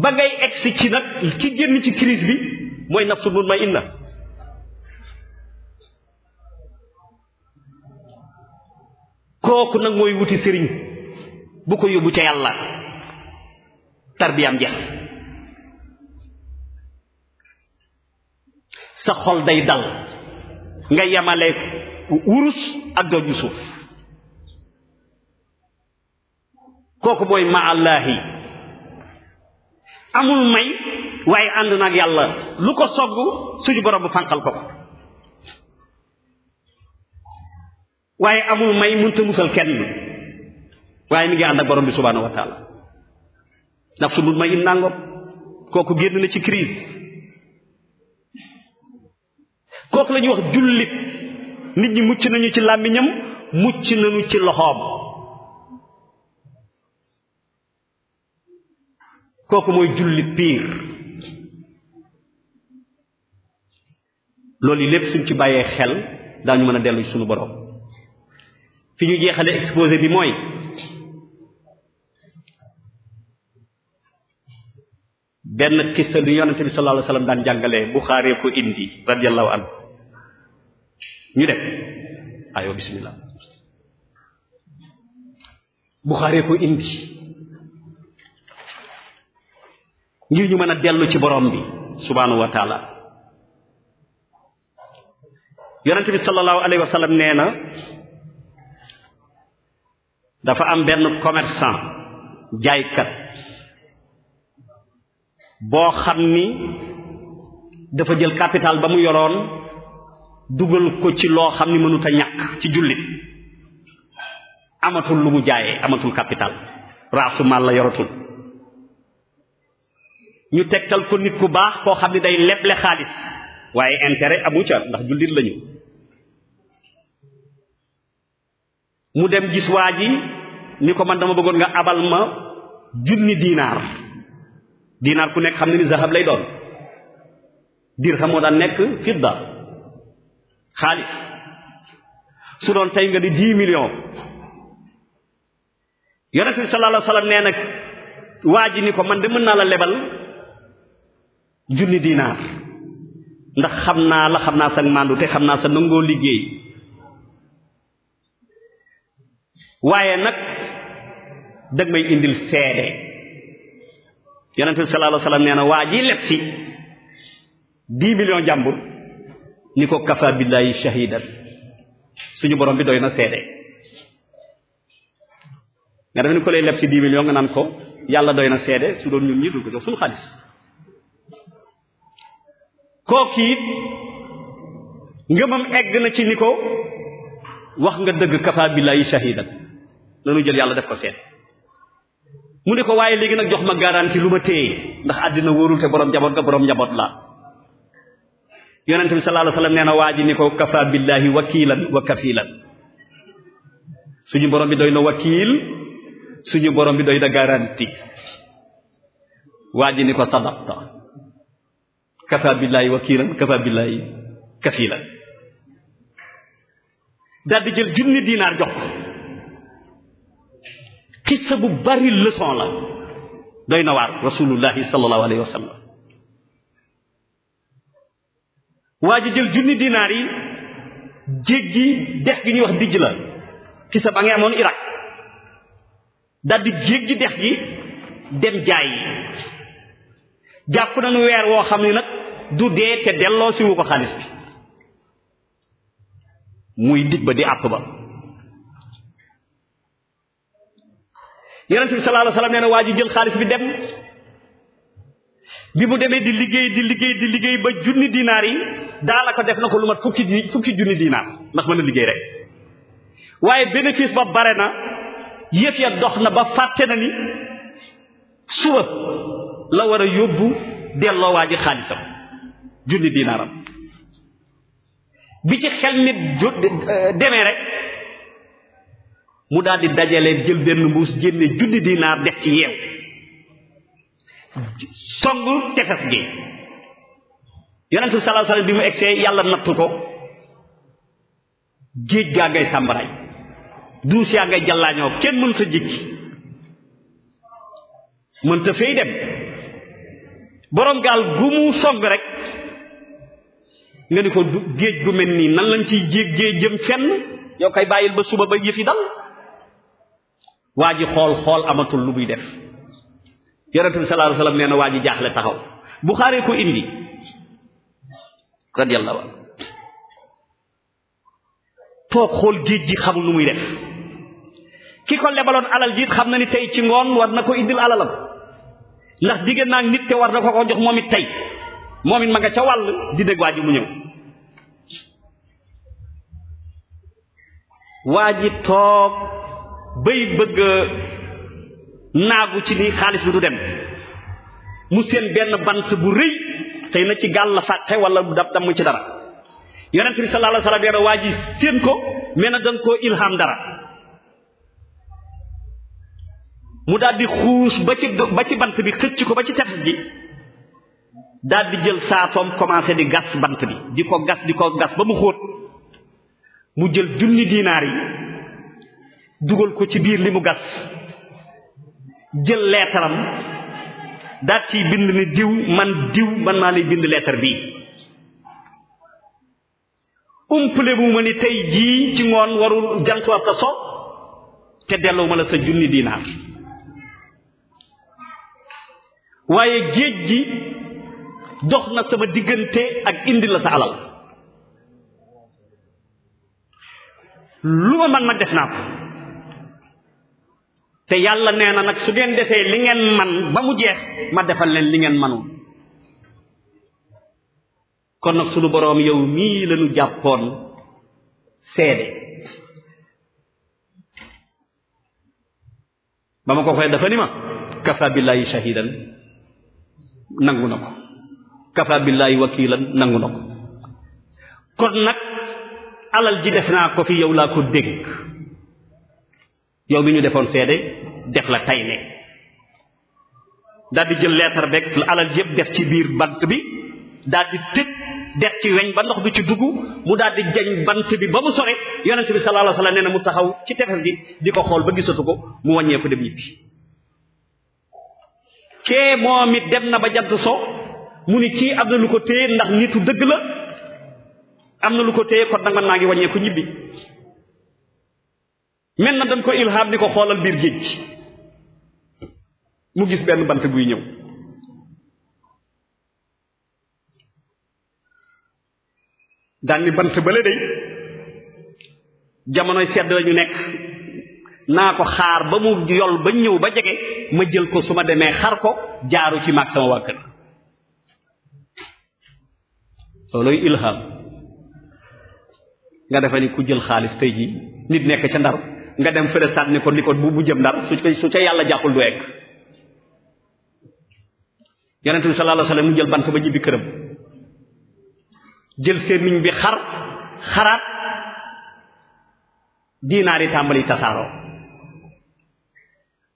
ba ngay egsi ci nag ki génn ci crise bi mooy nafsul mutmainna kooku nag mooy wuti sëriñ bu ko yóbbu ca yàlla tarbiyaam jeex sa xol day dal nga yamale wurus ak doju suuf kooku mooy ma allahi amul may waaye ànd nag yàlla lu ko sogg suñu borom bu fànqal ko waaye amul may mënta musal kenn waaye mi ngi ànd ak borom bi subhaanahu wa taala ndax su dul may im nangoom kooku génn na ci crise kooku la wax jullit nit ñi mucc nañu ci làmmiñam mucc nañu ci loxoom kooku mooy jullit piir loolu yi lépp suñ ci bàyyee xel daañu mën a dellu suñu boroom fi ñu jeexale exposé bi mooy benn kissa lu yonente bi sallallahu alayhi wasallam daan jàngalee Buxaari ko indi radiyallahu anhu ñu dem ayo bismillah Buxaari ko indi ngir ñu mën a dellu ci borom bi subhanahu wa taala yonente bi sallallahu alayhi wasallam nee na dafa am benn commerçant jaaykat boo xam ni dafa jël capital ba mu yoroon dugal ko ci loo xam ni mënut a ñàkk ci jullit amatul lu mu jaayee amatul capital raasu maal la yoratul ñu tegtal ko nit ku baax koo xam ni day leble xaalis waaye intérêt amu ca ndax jullit lañu mu dem gis waa ji ni ko man dama bëggoon nga abal ma junni diinaar dinaar ku nekk xam na ni zahab lay doon dirham moo daan nekk fidda xaalis su doon tey nga di dix millions yonent bi sallallahu waa ji ni ko man de naa la lebal junni dinaar ndax xam naa la xam naa sa màndu te xam naa sa nangoo liggéey waaye nag dag may indil seede yonent bi sallallahu alayhi na waa ji leb si dix millions jàmbur ni ko kafa billahi shahidan suñu borom bi doy na seede nga def ni ko lay leb si dix millions nga naan ko yàlla doy na seede su doon ñun ñi dul ko jox suñu xaalis kooku it ngëmam egg na ci ni ko wax nga dëgg kafa billahi shahidan lanu jël yàlla def ko seede mu ne ko waaye léegi nag jox ma garantie lu ma téye ndax àddina wóorul te borom njaboot ga borom njaboot la yonent bi sallallahu alayhi wasallam nee na waa ji ni ko kafa billahi wakiilan wa kafiilan suñu borom bi doy na wakiil suñu borom bi doy na garantie waa ji ni ko sadaqta kafa billahi wakiilan kafa billahi kafiilan daal di jël junni dinaar jox xissa bu bari leçon la doy na waar rasulullahi sallallahu alayhi waa ji jël junni dinaar yi jéggi dex gi ñuy wax dijj la xissa ba nga amoon Irak daal jéggi dex gi dem jaay yi jàpp nañu weer woo xam ne nag du dee te delloo si ko xaalis bi muy dig ba di àpp ba yonent bi sallallahu alayhi wasallam nee na waa ji jël xaalis bi dem bi mu demee di liggéey di liggéey di liggéey ba junni dinaar yi daanaka def na ko lu mat fukki fukki junni dinaar ndax mën a liggéey rek waaye bénéfice ba bare na yëf ya dox na ba fàtte na ni suba la war a yóbbu delloo waa ji xaalisam junni dinaaram bi ci xel nit demee rek mu daal di dajale jël benn mbuus génne junni dinaar def ci yeew song tefes gi yonent bi sallallahu alayhi bi mu egsee yàlla nattu ko géej gaa ngay duus yaa ngay jàllaañoo kenn mënta jikki mënta fay dem borom gaal gu mu song rek nga ni ko géej gu mel nii nan lañ ciy jéeg jëm fenn yow koy bàyyil ba suba ba yëf dal waa ji xool xool amatul lu muy def yonente bi sallallahu na waa ji jaaxle taxaw Buxaari ko indi radiyallahu anhu toog xool géej gi xamul nu muy def ki ko lebaloon alal jiit xam na ni tey ci ngoon war na ko indil alalam ndax jigéen naa nit te war na ko ko jox moom it tey moom it ma nga ca wàll di dégg waa ji mu ñëw waa ji toog bay bëgg naagu ci ni xaalis bi du dem mu seen benn bant bu rëy xëy na ci gaal la fàqe wala daf damm ci dara yonent bi sallallahu alayhi wa waa ji séen ko mais na danga koo ilham dara mu daal di xuus ba ci bant bi xëcc ko ba ci tefes gi daal di jël saatoom commencé di gas bant bi di ko gas di ko gas ba mu xóot mu jël junni dinaar yi dugal ko ci biir li mu gas jël leetaram daat ciy bind ni diw man diw man maa lay bind leetar bii umpale bu ni tey jii ci ngoon warul jant war ko so te delloo la sa junni dinaar waaye géej gi dox na sama diggante ak indi la sa alal lu ma man ma def naa ko te yàlla nee na nag su ngeen defee li ngeen man ba mu jeex ma defal leen li ngeen manul kon nag sunu boroom yow mii lañu jàppoon seede ba ma ko xoolee dafa ni ma kafa billahi shahidan nangu na ko kafa billahi wakilan nangu na ko kon nag alal ji def naa ko fi yow laa ko dégg yow mi ñu defoon seede def la tay ne daal di jël leetar beeg la alal yépp def ci biir bant bi daal di tëj def ci weñ ba ndox bi ci dugg mu daldi di jañ bant bi ba mu sore yonent bi sallallahu alayhi wasallam nee na mu taxaw ci tefes gi di ko xool ba gisatu ko mu wàññee ko dem ñibbi kee moom it dem na ba jant so mu ni kii am na lu ko téye ndax nitu dëgg la am na lu ko téye kon nag man ngi wàññee ko ñibbi mel na dañ ko ilham ni ko xoolal biir géej gi mu gis benn bant buy ñëw daan ni bant bale day jamonoy sedd lañu nekk naa ko xaar ba mu yol ba ñëw ba jege ma jël ko su ma demee xar ko jaaru ci maag sama wàkk na looloy ilham nga defe ni ku jël xaalis tey ji nit nekk ca ndar nga dem fële sànni ko ni ko bu bu jëm ndar su su yàlla jàppul du egg yonente bi sallallahu alayhi wasallam mu jël bant ba ñibbi këram jël sémmiñ bi xar xaraat dinaar yi tàmbali tasaaroo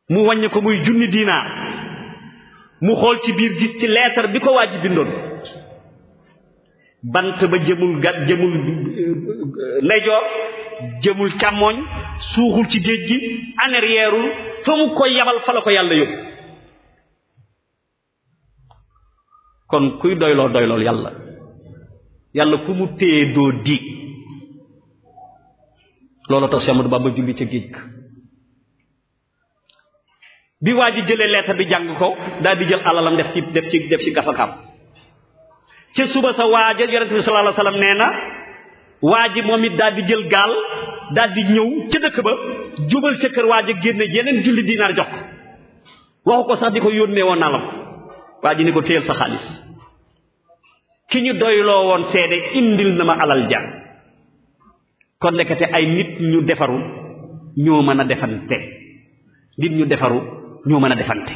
mu wàññi ko muy junni dinaar mu xool ci biir gis ci leetar bi ko waa ji bindoon bant ba jëmul gat jëmul euh, euh, ndeyjoor jëmul càmmooñ suuxul ci géej gi en arrièreul fa mu koy yabal fa la ko yàlla yóbbu kon kuy doyloo doylool yàlla yàlla ku mu téye doo diig loolu tax Cheikh Amadou Bamba julli ca géej ga bi waa ji jëlee lettre bi jàng ko daldi jël alalam def ci def ci def ci gafakaam ca suba sa waaja yonent bi sallallahu alayhi wasallam nee na waa ji moom it daal di jël gaal daldi ñëw ca dëkk ba jubal ca kër waa ji génne yeneen julli dinaar jox ko waxu ko sax di ko yónnee woon naa la ko waa ji ni ko téyel sa xaalis ki ñu doyloo woon seede indil na ma alal ja kon nekkate ay nit ñu defaru ñoo mën a defante nit ñu defaru ñoo mën a defante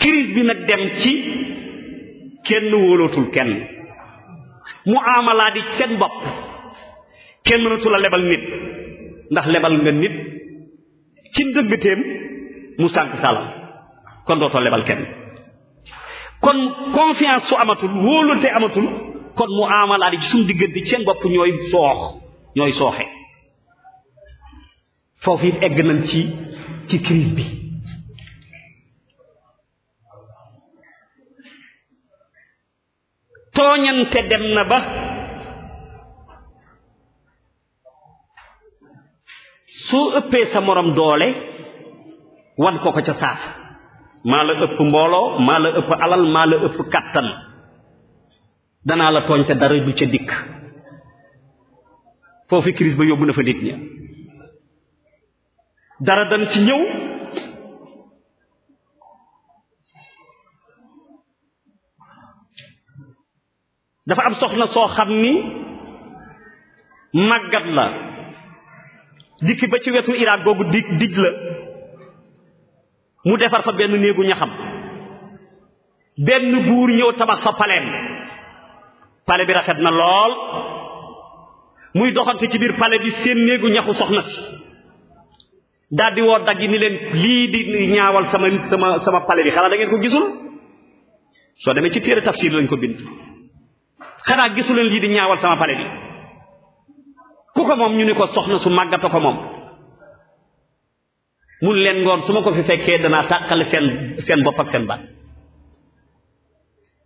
crise bi nag dem ci kenn wóolootul kenn mu amalaat yi seen bopp kenn mënatu la lebal nit ndax lebal nga nit ci ndëngteem mu sànq sàllam kon dootoo lebal kenn kon confiance su amatul wóolante amatul kon mu amalaat yi suñ diggante seen bopp ñooy soox ñooy sooxe foofu it egg nañ ci ci crise bi tooñante dem na ba soo ëppee sa morom doole wan ko ko ca saasa maa la ëpp mbooloo maa la ëpp alal maa la ëpp kàttan danaa la tooñ te dara du ca dikk foofu crise ba yóbbu na fa nit ña dara dan ci ñëw dafa am soxna soo xam ni màggat la dikk ba ci wetu Irak googu digg dij la mu defar fa benn néegu ñaxam benn buur ñëw tabax fa paleem pale bi rafet na lool muy doxante ci biir pale bi seen néegu ñaxu soxna si daldi woo dagg ni leen lii di ñaawal sama sama sama pale bi xanaa da ngeen ko gisul soo demee ci téere tafsir lañ ko bind xanaa gisuleen lii di ñaawal sama pale bi ku ko moom ñu ni ko soxna su màggata ko moom mun leen ngoon su ma ko fi fekkee danaa tàqale seen seen bopp ak seen baat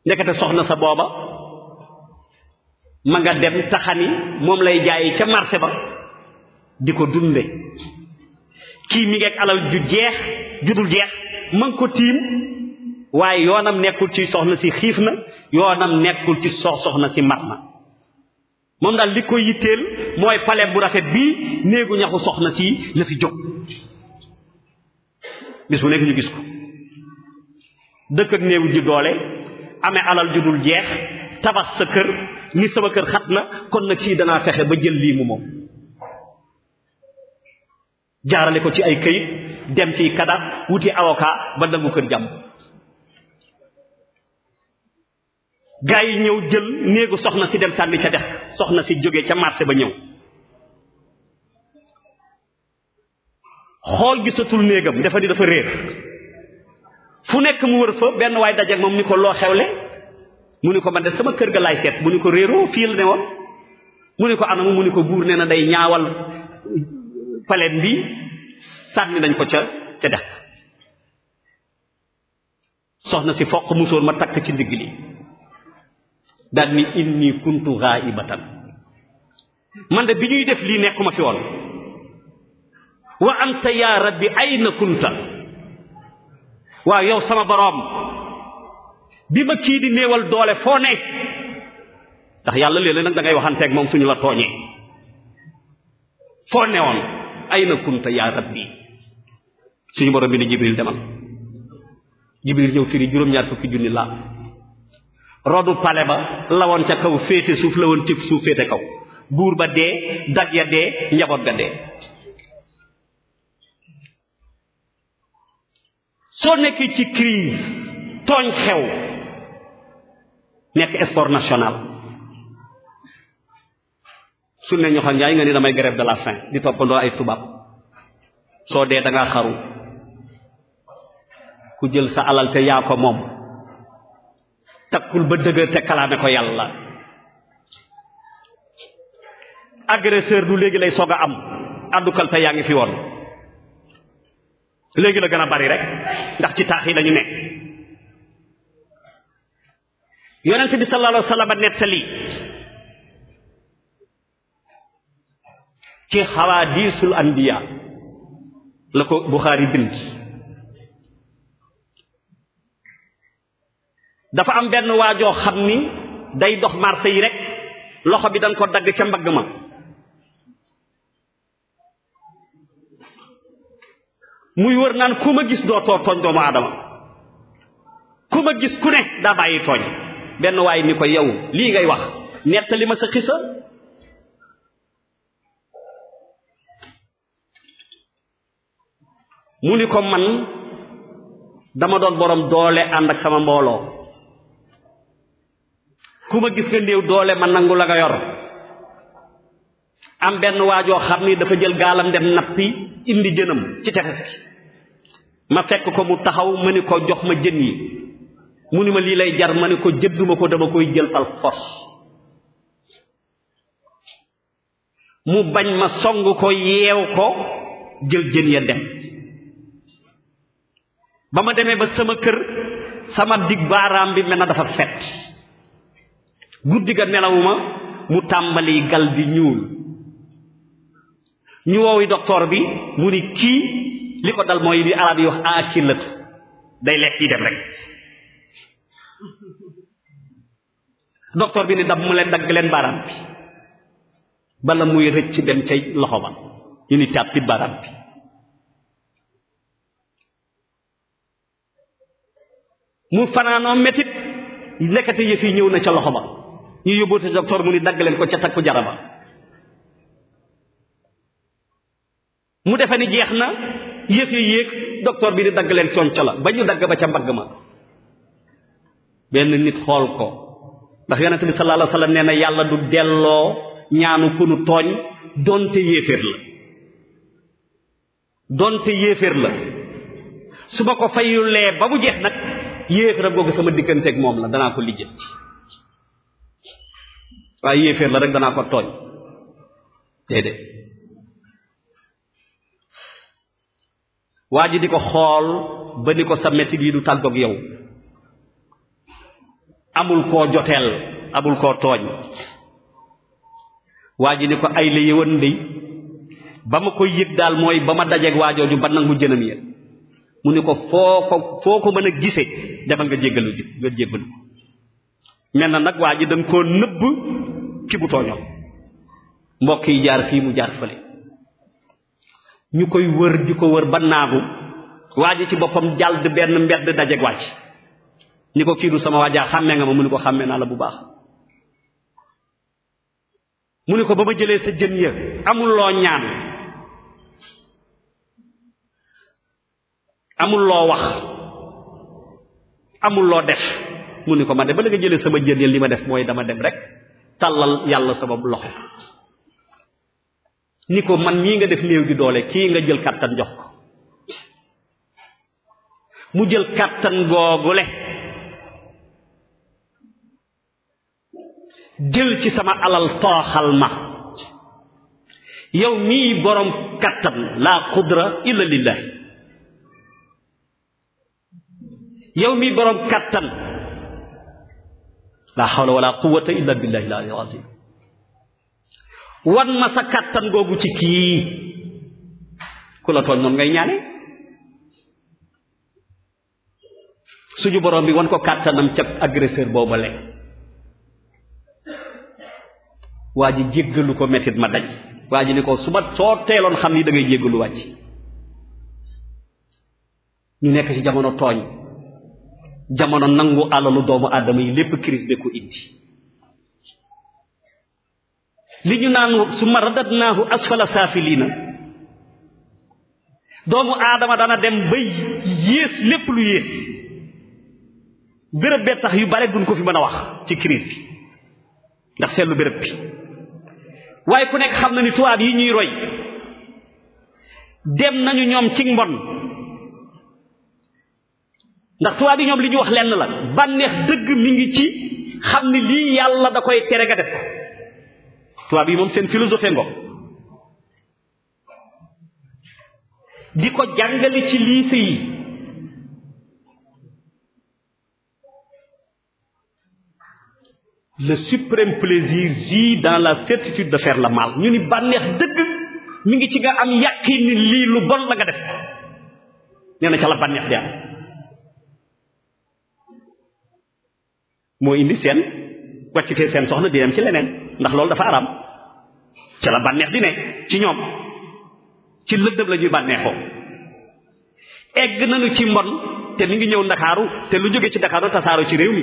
ndekete soxna sa booba ma nga dem taxani moom lay yi ca marché ba di ko dunde kii mi ngeeg alal ju jeex ju dul jeex ma nga ko tiim waaye yoonam nekkul ci soxna si xiif na yoonam nekkul ci so soxna si mat na moom daal li ko yitteel mooy palais bu rafet bii néegu ñaxu soxna si la fi jóg bis bu nekk ñu gis ko dëkk ak néew ji doole ame alal ju dul jeex tabax sa kër ni sama kër xat na kon na kii danaa fexe ba jël lii mu moom jaarale ko ci ay këyit dem ci kadar wuti avocat ba dangu kër jàmm gaa yi ñëw jël néegu soxna si dem sànni ca dex soxna si jóge ca marché ba ñëw xool gisatul néegam dafa ni dafa réer fu nekk mu wër fa benn waay dajeek moom ni ko loo xewle mu ni ko man de sama kër ga laay seet mu ni ko réeroo fii la ne woon mu ni ko anamu mu ni ko buur nee na day ñaawal euh, paleen bi sànni dañ ko ca ca dex soxna si foq musóor ma takk ci ndigg li daan ni inni kuntu ghaibatan man de bi ñuy def lii nekkuma fi woon wa anta ya rabbi ayna kunta waaw yow sama boroom bi ma kii di néewal doole foo ne ndax yàlla léeg-léeg nag da ngay waxanteeg moom suñu la tooñee foo ne woon ayna kunta ya rabbi suñu boroom bi ne jibril demal jibril ñëw firi juróom-ñaar fukki junni laa rodu pale ba lawoon ca kaw féete suuf la woon tib suuf féete kaw buur ba dee daj ya dee njaboot ga dee soo nekkee ci crise tooñ xew nekk sport national su ne ñoxoon njaay nga ni damay grève de la faim di toppandoo ay tubaab soo dee danga xaru ku jël sa alal te yaa ko moom takkul ba dëgër te kalaame ko yàlla agresseur du léegi lay soog a am àddukal te yaa ngi fi woon léegi la gën a bari rek ndax ci taax yi lañu ne yonent bi sallallahu alayhi wa sallam nettali ci xawaadisul anbiya la ko Buxaari bind dafa am benn waajoo xam ni day dox marché yi rekk loxo bi danga ko dagg ca mbagg ma muy wër naan ku ma gis doo too tooñ doomu aadama ku ma gis ku ne daa bàyyi tooñ benn waay ni ko yow lii ngay wax nettali ma sa xisa mu ni ko man dama doon boroom doole ànd ak sama mbooloo ku ma gis nga néew doole ma nangu la nga yor am benn waajoo xam ni dafa jël gaalam dem nappi indi jënam ci tefes gi ma fekk ko mu taxaw ma ni ko jox ma jën yi mu ni ma lii lay jar ma ni ko jënduma ko dama koy jël par force mu bañ ma song ko yeew ko jël jën ya dem ba ma demee ba sama kër sama dig baaraam bi mel a dafa fet guddi ga nelawuma mu tàmbali gal di ñuul ñu woowi docteur bi mu ni kii li ko dal mooy li arab yi wax aakilatu day lekk yi dem rek docteur bi ni dab mu leen dagg leen baaraam bi bala muy rëcc dem ca loxo ba ñu ni tàppi baaraam bi mu fanaanoo metit nekkati yëf yi ñëw na ca loxo ba ñu yóbbu ci docteur mu ni dagg leen ko ca takku jaraba mu defe ni jeex na yéeg yi yéeg docteur bi di dagg leen conco la ba ñu dagg ba ca mbagg ma benn nit xool ko ndax yonente bi sallallahu alayhi wasallam nee na yàlla du delloo ñaanu ku nu tooñ donte yéeféer la donte yéeféer la su ma ko fayulee ba mu jeex nag yéeféer a googu sama digganteeg moom la danaa ko lijjanti waaye yéeféer la rek danaa ko tooñ de waa ji di ko xool ba ni ko sa metti gi du tàggoog yow amul koo joteel amul koo tooñ waa ji ni ko ay la yëwan ndey ba ma koy yëg daal mooy ba ma dajeeg waajooju ba nangu jënam ya mu ni ko foo ko foo ko mën a gisee demal nga jéggalu ji nga jéggalu ko mel na nag waa ji dañ koo nëbb ki mu tooñoon mbokk yi jaar fii mu jaar fële ñu koy wër di ko wër ba naagu waa ji ci boppam jàll benn mbedd dajeg wàcc ñi ko kii du sama waajaa xàmmee nga ma mu ni ko xàmmee naa la bu baax mu ni ko ba ma jëlee sa jën ya amul loo ñaan amul loo wax amul loo def mu ni ko ma de ba la jëlee sama jën ya li ma def mooy dama dem rek tàllal yàlla sa bopp loxo ni ko man mii nga def néew gi doole kii nga jël kàttan jox ko mu jël kàttan googule jël ci sama alal tooxal ma yow mii borom kàttan laa qudra illa lillahi yow mii borom kàttan la hawla wala quwwata illa billahi al aliyyil azim wan ma sa kàttan googu ci kii ku la tooñ noonu ngay ñaane suñu borom bi wan ko kàttanam ca agresseur boobale waa ji jéggalu ko mettit ma dañ waa ji ni ko su ma soo teeloon xam ni da ngay jéggalu wàcc ñu nekk ci jamono tooñ jamono nangu alalu doomu aadama yi lépp crise be ko indi li ñu naan summa radadnaahu lii saafiliina doomu aadama dana dem ba yées lépp lu yées béréb bee tax yu bare duñ ko fi mën a wax ci crise bi ndax seetlu béréb bi waaye ku nekk xam na ni tubaab yi ñuy roy dem nañu ñoom ci mbon ndax tubaab yi ñoom li ñu wax lenn la bànneex dëgg mi ngi ci xam ni lii yàlla da koy tere nga def ko tubaab yi moom seen philosophie ngoog di ko jàngale ci lycée yi le suprême plaisir vit dans la certitude de faire la mal ñu ni bànneex dëgg mi ngi ci nga am yàqin ni lii lu bon la nga def nee na ca la bànneex di am moo indi seen wàccitee seen soxna di dem ci leneen ndax loolu dafa araam ca la bànneex di ne ci ñoom ci lëndëm la ñuy bànneexoo egg nañu ci mbon te mi ngi ñëw ndakaaru te lu jóge ci ndakaaru tasaaro ci réew mi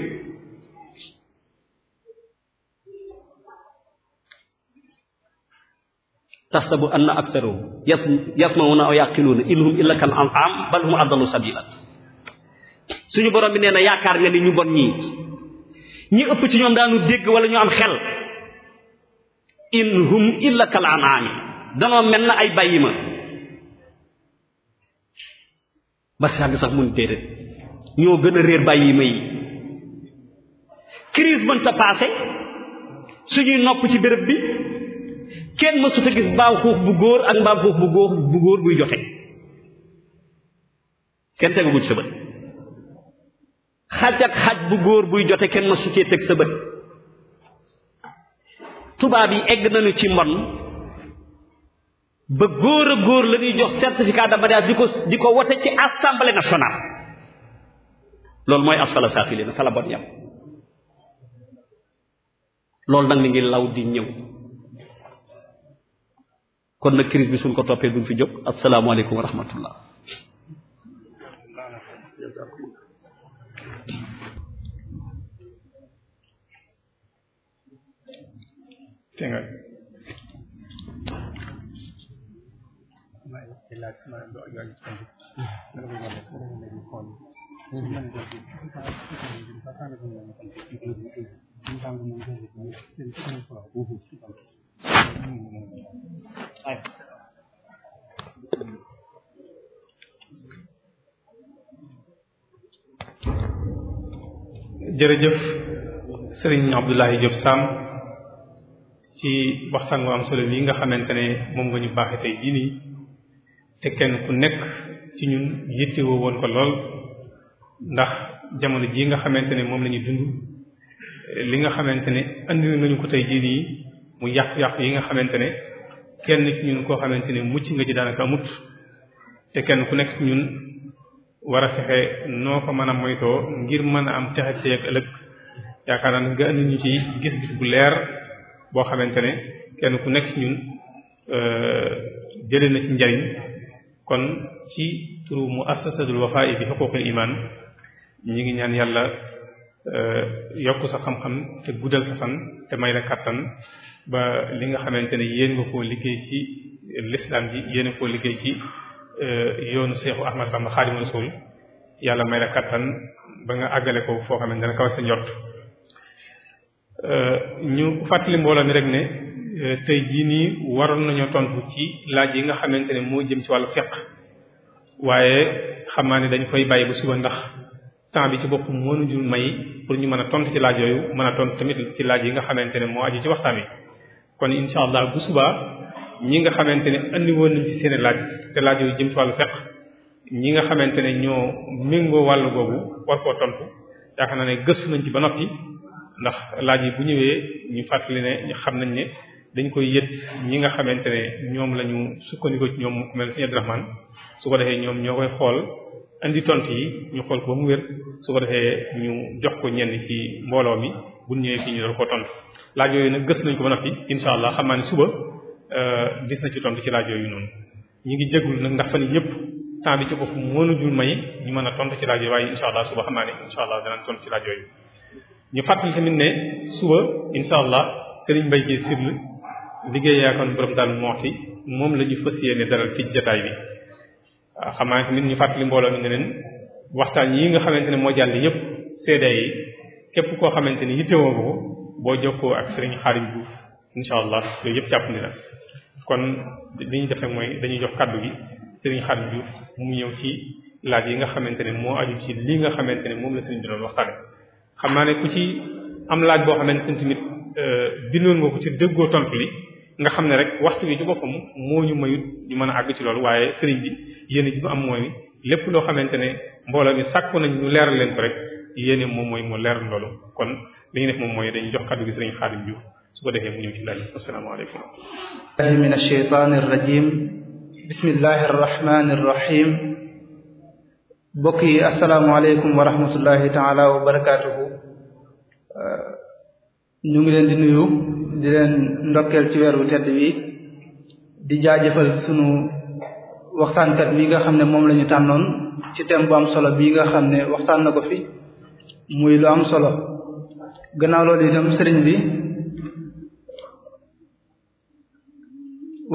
taxsabu anna aktharuhum yasma'una aw yaqiluuna in hum illa kal an'am bal hum adallu sabila suñu borom bi nee na yaakaar nga ni ñu bon ñii ñi ëpp ci ñoom daanu dégg wala ñu am xel in hum illa kal danoo mel na ay bàyyi ma ba sàgg sax mun déedéet ñoo gën a réer bàyyi ma yi crise mën sa passé suñuy nopp ci bërëb bi kenn mësu fa gis mbaam xuux bu góor ak mbaam xuux bu góor buy jote kenn tegagu ci sa bët xaj ak xaj bu góor buy jote kenn ma su cee teg sa bët tubaab yi egg nañu ci mbon ba góor a góor lañuy ñuy jox certificat de mariage di ko di ko wote ci assemblée nationale loolu mooy asfala saafilina fa la bon yam loolu nag mu ngi law di ñëw kon nag crise bi suñ ko toppee duñ fi jóg asalaamaaleykum wa rahmatullah dégg nga Thank you. jërëjëf sëriñ Abdoulaye jot Sam ci waxtaan bu am solo bi nga xamante ne moom nga ñu baaxe tey jii nii te kenn ku nekk ci ñun yittewoo woon ko lool ndax jamono jii nga xamante ne moom la ñu dund li nga xamante ne andi nañu ko tey jii nii mu yàqu-yàqu yi nga xamante ne kenn ci ñun koo xamante ne mucc nga ci daanaka amut te kenn ku nekk ci ñun war a fexe noo ko mën a moytoo ngir mën a am texe teeg ëllëg yaakaar naa nga indi ñu ci gis-gis bu leer boo xamante ne kenn ku nekk ci ñun euh, jëlee na ci njariñ kon ci turu muassasatul wafa'i bi xuquqil iman ñi ngi ñaan yàlla euh, yokk sa xam-xam te guddal sa fan te may la kàttan ba li nga xamante ne yéen nga koo liggéey ci l'islam ji yéen nga koo liggéey ci Euh, yoonu seexu Ahmad Bamba Xaadimu Rasuul yàlla may la kattan ba nga àggale ko foo xam ne dana kaw sa njort euh, ñu fàttali mbooloo mi rek ne euh, tey jii nii waroon nañoo tontu ci laaj yi nga xamante ne moo jëm ci wàllu fiqh waaye xam naa ne dañ koy bàyyi ba suba ndax temps bi ci bopp mënuñu may pour ñu mën a tontu ci laaj yooyu mën a tontu tamit ci laaj yi nga xamante ne moo aju ci waxtaan wi kon incha allah bu subaa ñi nga xamante ne andi woon nañ ci seen laaj te laaj yooyu jëm ci wàllu feq ñi nga xamante ne ñoo méngoo wàllu googu war koo tontu yaakaar ne gëstu nañ ci ba noppi ndax laaj yi bu ñëwee ñu fàttali ne xam nañ ne dañ koy yët ñi nga xamante ne ñoom la ñu sukkandiku ci ñoom ku mel Sëriñ Abdourahmane su ko defee ñoom ñoo koy xool andi tontu yi ñu xool ko ba mu wér su ko defee ñu jox ko ñenn ci mbooloo mi bu ñëwee fii ñu doon ko tontu laaj yooyu nag gëstu nañ ko ba noppi incha allah xam naa ne suba. dis euh, na ci tontu ci laaj yooyu noonu ñu ngi jégul nag ndax fan yëpp temps bi ci bopp mënujul may ñu mën a tontu ci laaj yooyu waaye insha allah suba xam naa ne insha allah danañ tontu ci laaj yooyu ñu fàttali tamit ne suba insha allah Serigne Mbaye Guèye Syll liggéey moom la ñu fas yéene dalal fii jataay bi waaw ah, xam naa tamit ñu fàttali mbooloo mi ne leen waxtaan yi nga xamante ne moo jàll yëpp CD yi képp koo xamante ni yittewoo ko boo jokkoo ak Serigne Xaarim Diouf incha allah yooyu yëpp jàpp ni la kon li ñu defee mooy dañuy jox kàddu gi Serigne Khadim Diouf mu ñëw ci laaj yi nga xamante ne moo aju ci li nga xamante ne moom la Serigne bi doon waxtaane xam naa ne ku ci am laaj boo xamante ne tamit euh, bindoon nga ko ci dëggoo tontu li nga xam ne rek waxtu bi ci boppam moo ñu mayut ñu mën a àgg ci loolu waaye Serigne bi yéen ji ñu am mooy lépp loo xamante ne mbooloo mi sàkku nañ mu leeral leen ko rek yéen moom mooy mu leeral loolu kon li ñu def moom mooy dañuy jox kàddu gi Serigne Khadim Diouf su ko defee mu ñëw ci laaj asalaamaaleykum billahi min alsheytaan alrajim bismillahi arrahmani arrahim mbokk yi asalaamaaleykum wa rahmatullahi taala wa barakatuhu ñu ngi leen di nuyu di leen ndokkeel ci weeru tedd bi di jaajëfal sunu waxtaankat bi nga xam ne moom la ñu tànnoon ci thème am solo bi nga xam ne waxtaan na ko fi muy lu am solo gannaaw loolu itam sëriñ bi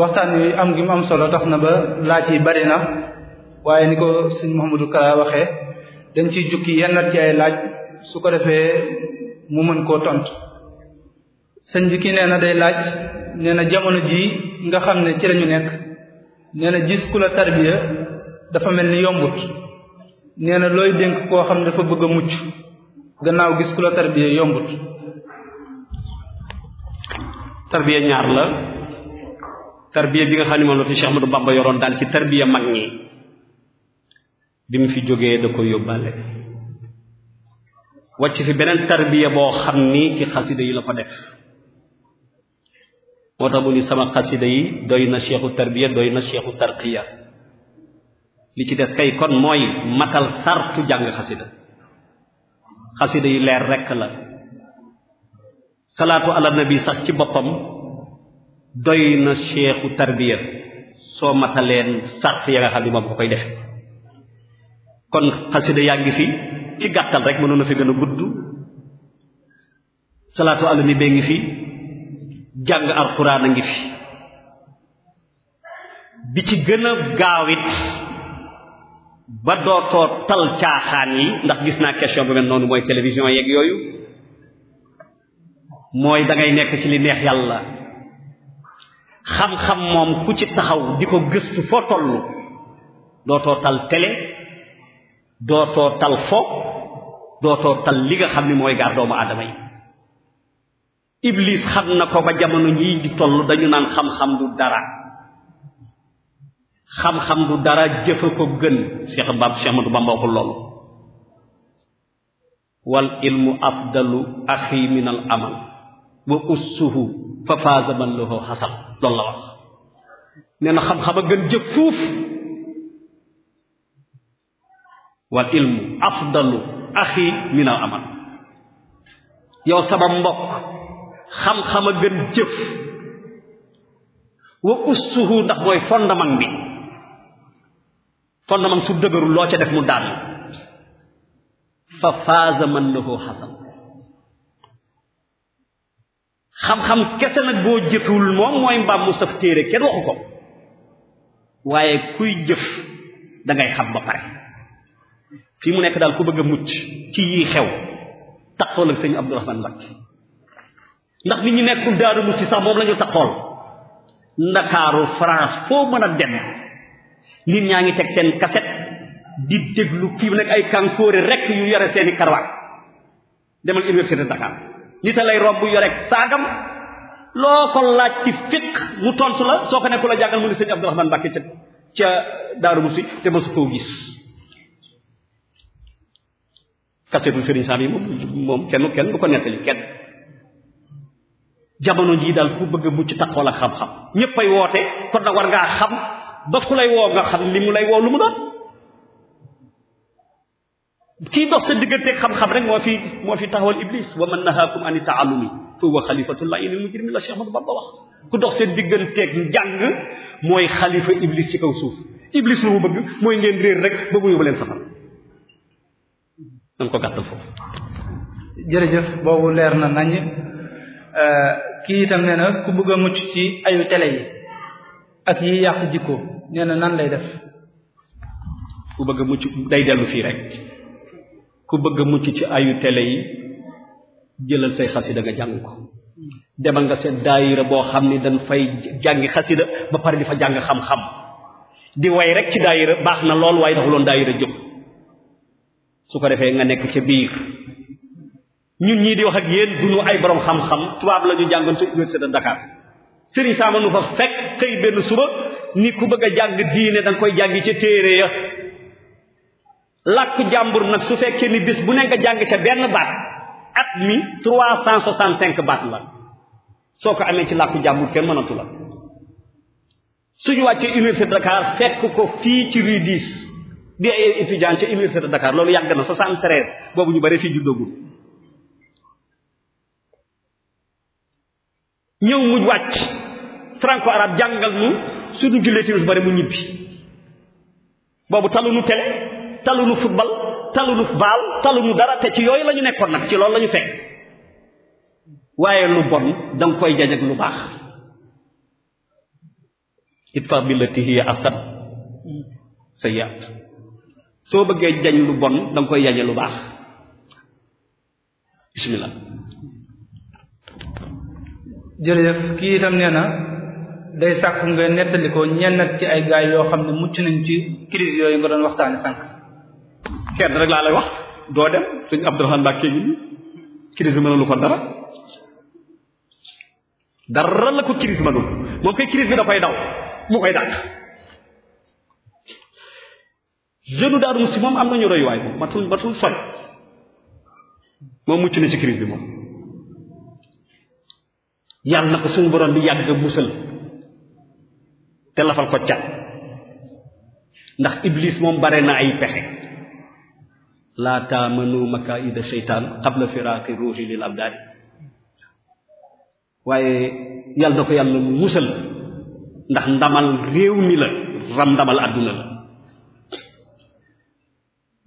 waxtaan wi am gi am solo tax na ba laaj yi bari na waaye ni ko sëñ Mouhamadou Ka waxe dañ ciy jukki yenn ci ay laaj su ko defee mu mën koo tontu sëñ bi ki nee na day laaj nee na jamono ji nga xam ne ci lañu nekk nee na gis ku la tarbiya dafa mel ni yombut nee na looy dénk koo xam ne dafa bëgg a mucc gannaaw gis ku la tarbiya yombut tarbiya ñaar la tarbiya bi nga xam ne moom la fi Cheikh Ahmadou Bamba yoroon daal ci tarbiya mag ñi bi mu fi jógee da ko yóbbaale wàcc fi beneen tarbiya boo xam ni ci xasida yi la ko def moo tax mu ni sama xasida yi doy na seexu tarbiya doy na seexu tarqiya li ci des kay kon mooy matal sartu jàng xasida xasida yi leer rekk la salaatu ala nabi sax ci boppam doy na seexu tarbiya soo mataleen sàrt ya nga xam ne moom ko koy defe kon xasida yaa ngi fi ci gàttal rek mënoon fi gën a gudd salaatu ala nabi bee ngi fi jàng alxuraan a ngi fi bi ci gën a gaawit ba dootoo tal caaxaan yi ndax gis naa question bu mel noonu mooy télévision yeeg yooyu mooy dangay nekk ci li neex yàlla xam-xam moom ku ci taxaw di ko gëstu foo tollu dootoo tal télé dootoo tal fo dootoo tal li nga xam ni mooy gaar doomu aadama yi iblis xam na ko ba jamono ñii di toll dañu naan xam-xam du dara xam-xam du dara jëfa ko gën Cheikh Bab Cheikh Ahmadou Bamba waxul loolu wal ilmu afdalu axi min al amal wa ussuhu fa faaza man lahu xasal loolu nee na xam-xam a gën jëf fuuf wal ilmu afdalu axi minal amal yow sama mbokk xam-xam a gën jëf wa ussuhu ndax mooy fondement bi fondement su dëgërul loo ca def mu daan fa faaza man lahu xasan xam-xam kese nag boo jëfewul moom mooy mbaam mu saf téere kenn waxu ko waaye kuy jëf dangay xam ba pare fii mu nekk daal ku bëgg a mucc ci yii xew taxool ak sëñ Abdourahmane Mbacké ndax nit ñi nekkul Daaru Muxti sax moom la tax taxool ndakaaru France foo mën a dem nit ñaa ngi teg seen kaset di déglu fii mu nekk ay kankóore rek yu yore seeni karwaat demal université Dakar nit a lay rob bu yoreeg saagam loo kon laaj ci fiq mu tontu la soo ko nekku a jàngal mu ne sëñ Abdourahmane Mbàkke ca ca Daaru Muxti te masu koo gis kaseetu sëriñ Saam yi moom moom kenn kenn du ko nettali kenn jamono jii daal ku bëgg a mucc taqool ak xam-xam ñépp ay woote kon nag war ngaa xam ba ku lay woo nga xam li mu lay woo lu mu doon kii dox sa digganteeg xam-xam rek moo fi moo fi taxawal iblis wa man nahaakum ani taallumi fa huwa xalifatullahi lil mujrimin la Cheikh Ahmadou Bamba wax ku dox seen digganteeg njàng mooy xalifa iblis ci kaw suuf iblis lu mu bëgg mooy ngeen réer rek ba mu yóbbu leen safara nan ko gàttal foofu jërëjëf boobu leer na nañ euh, kii itam nee na ku bëgg a mucc ci ayu télé yi ak yi yàq jikko nee na nan lay def ku bëgg mucc day dellu fii rek ku bëgg a mucc ci ayu télé yi jëlal say xasida nga jàng ko demal nga seet daayira boo xam ni dañ fay jàngi xasida ba pare di fa jàng xam-xam di way rek ci daayira baax na lool waaye taxuloon daayira jóg su ko defee nga nekk ca biir ñun ñii di wax ak yéen duñu ay borom xam-xam tubaab la ñu jàngoon ca université de sëriñ saama fa fekk xëy benn suba ni ku bëgg a jàng diine da nga koy jàngi ca téere ya làkku jàmbur nag su fekkee ni bis bu nekk nga jàng ca benn baat at mi trois cent soixante cinq baat la soo ko amee ci làkku jàmbur kenn mënatu la suñu wàccee université de fekk ko fii ci rue 10 di ay étudiant ca université de loolu yàgg na soixante treize boobu ñu bare fii juddagul ñëw mu wàcc franco arabe jàngal mu suñu jullee timis bare mu ñibbi boobu talu nu télé taluñu football taluñu baal taluñu dara te ci yooyu la ñu nekkoon nag ci loolu la ñu fekk waaye lu bon danga koy jajag lu baax itfa billati hiya ahsan sayyi'at soo bëggee jañ lu bon danga koy jaje lu baax bismillah jërëjëf kii itam nee na day sàkku nga nettali ko ñennat ci ay gaay yoo xam ne mucc nañ ci crise yooyu nga doon waxtaane sànq kenn rek laa lay wax doo dem sëñ Abdourahmane Mbàkke ngi nii crise mënalu ko dara dara la ko crise mënul moom koy crise bi da koy daw mu koy dàq jeune Daaru Muxti moom am nañu royuwaay moom matul matul soñ moom mucc na ci crise bi moom yàlla na ko suñu borom bi yàgg musal te lafal ko cat ndax iblis moom bare na ay pexe laa taamanu makaida seytaan qabla firaaqi ruuxi lil abdaani waaye yàlla na ko yàlla musal ndax ndamal réew mi la ram ndamal àdduna la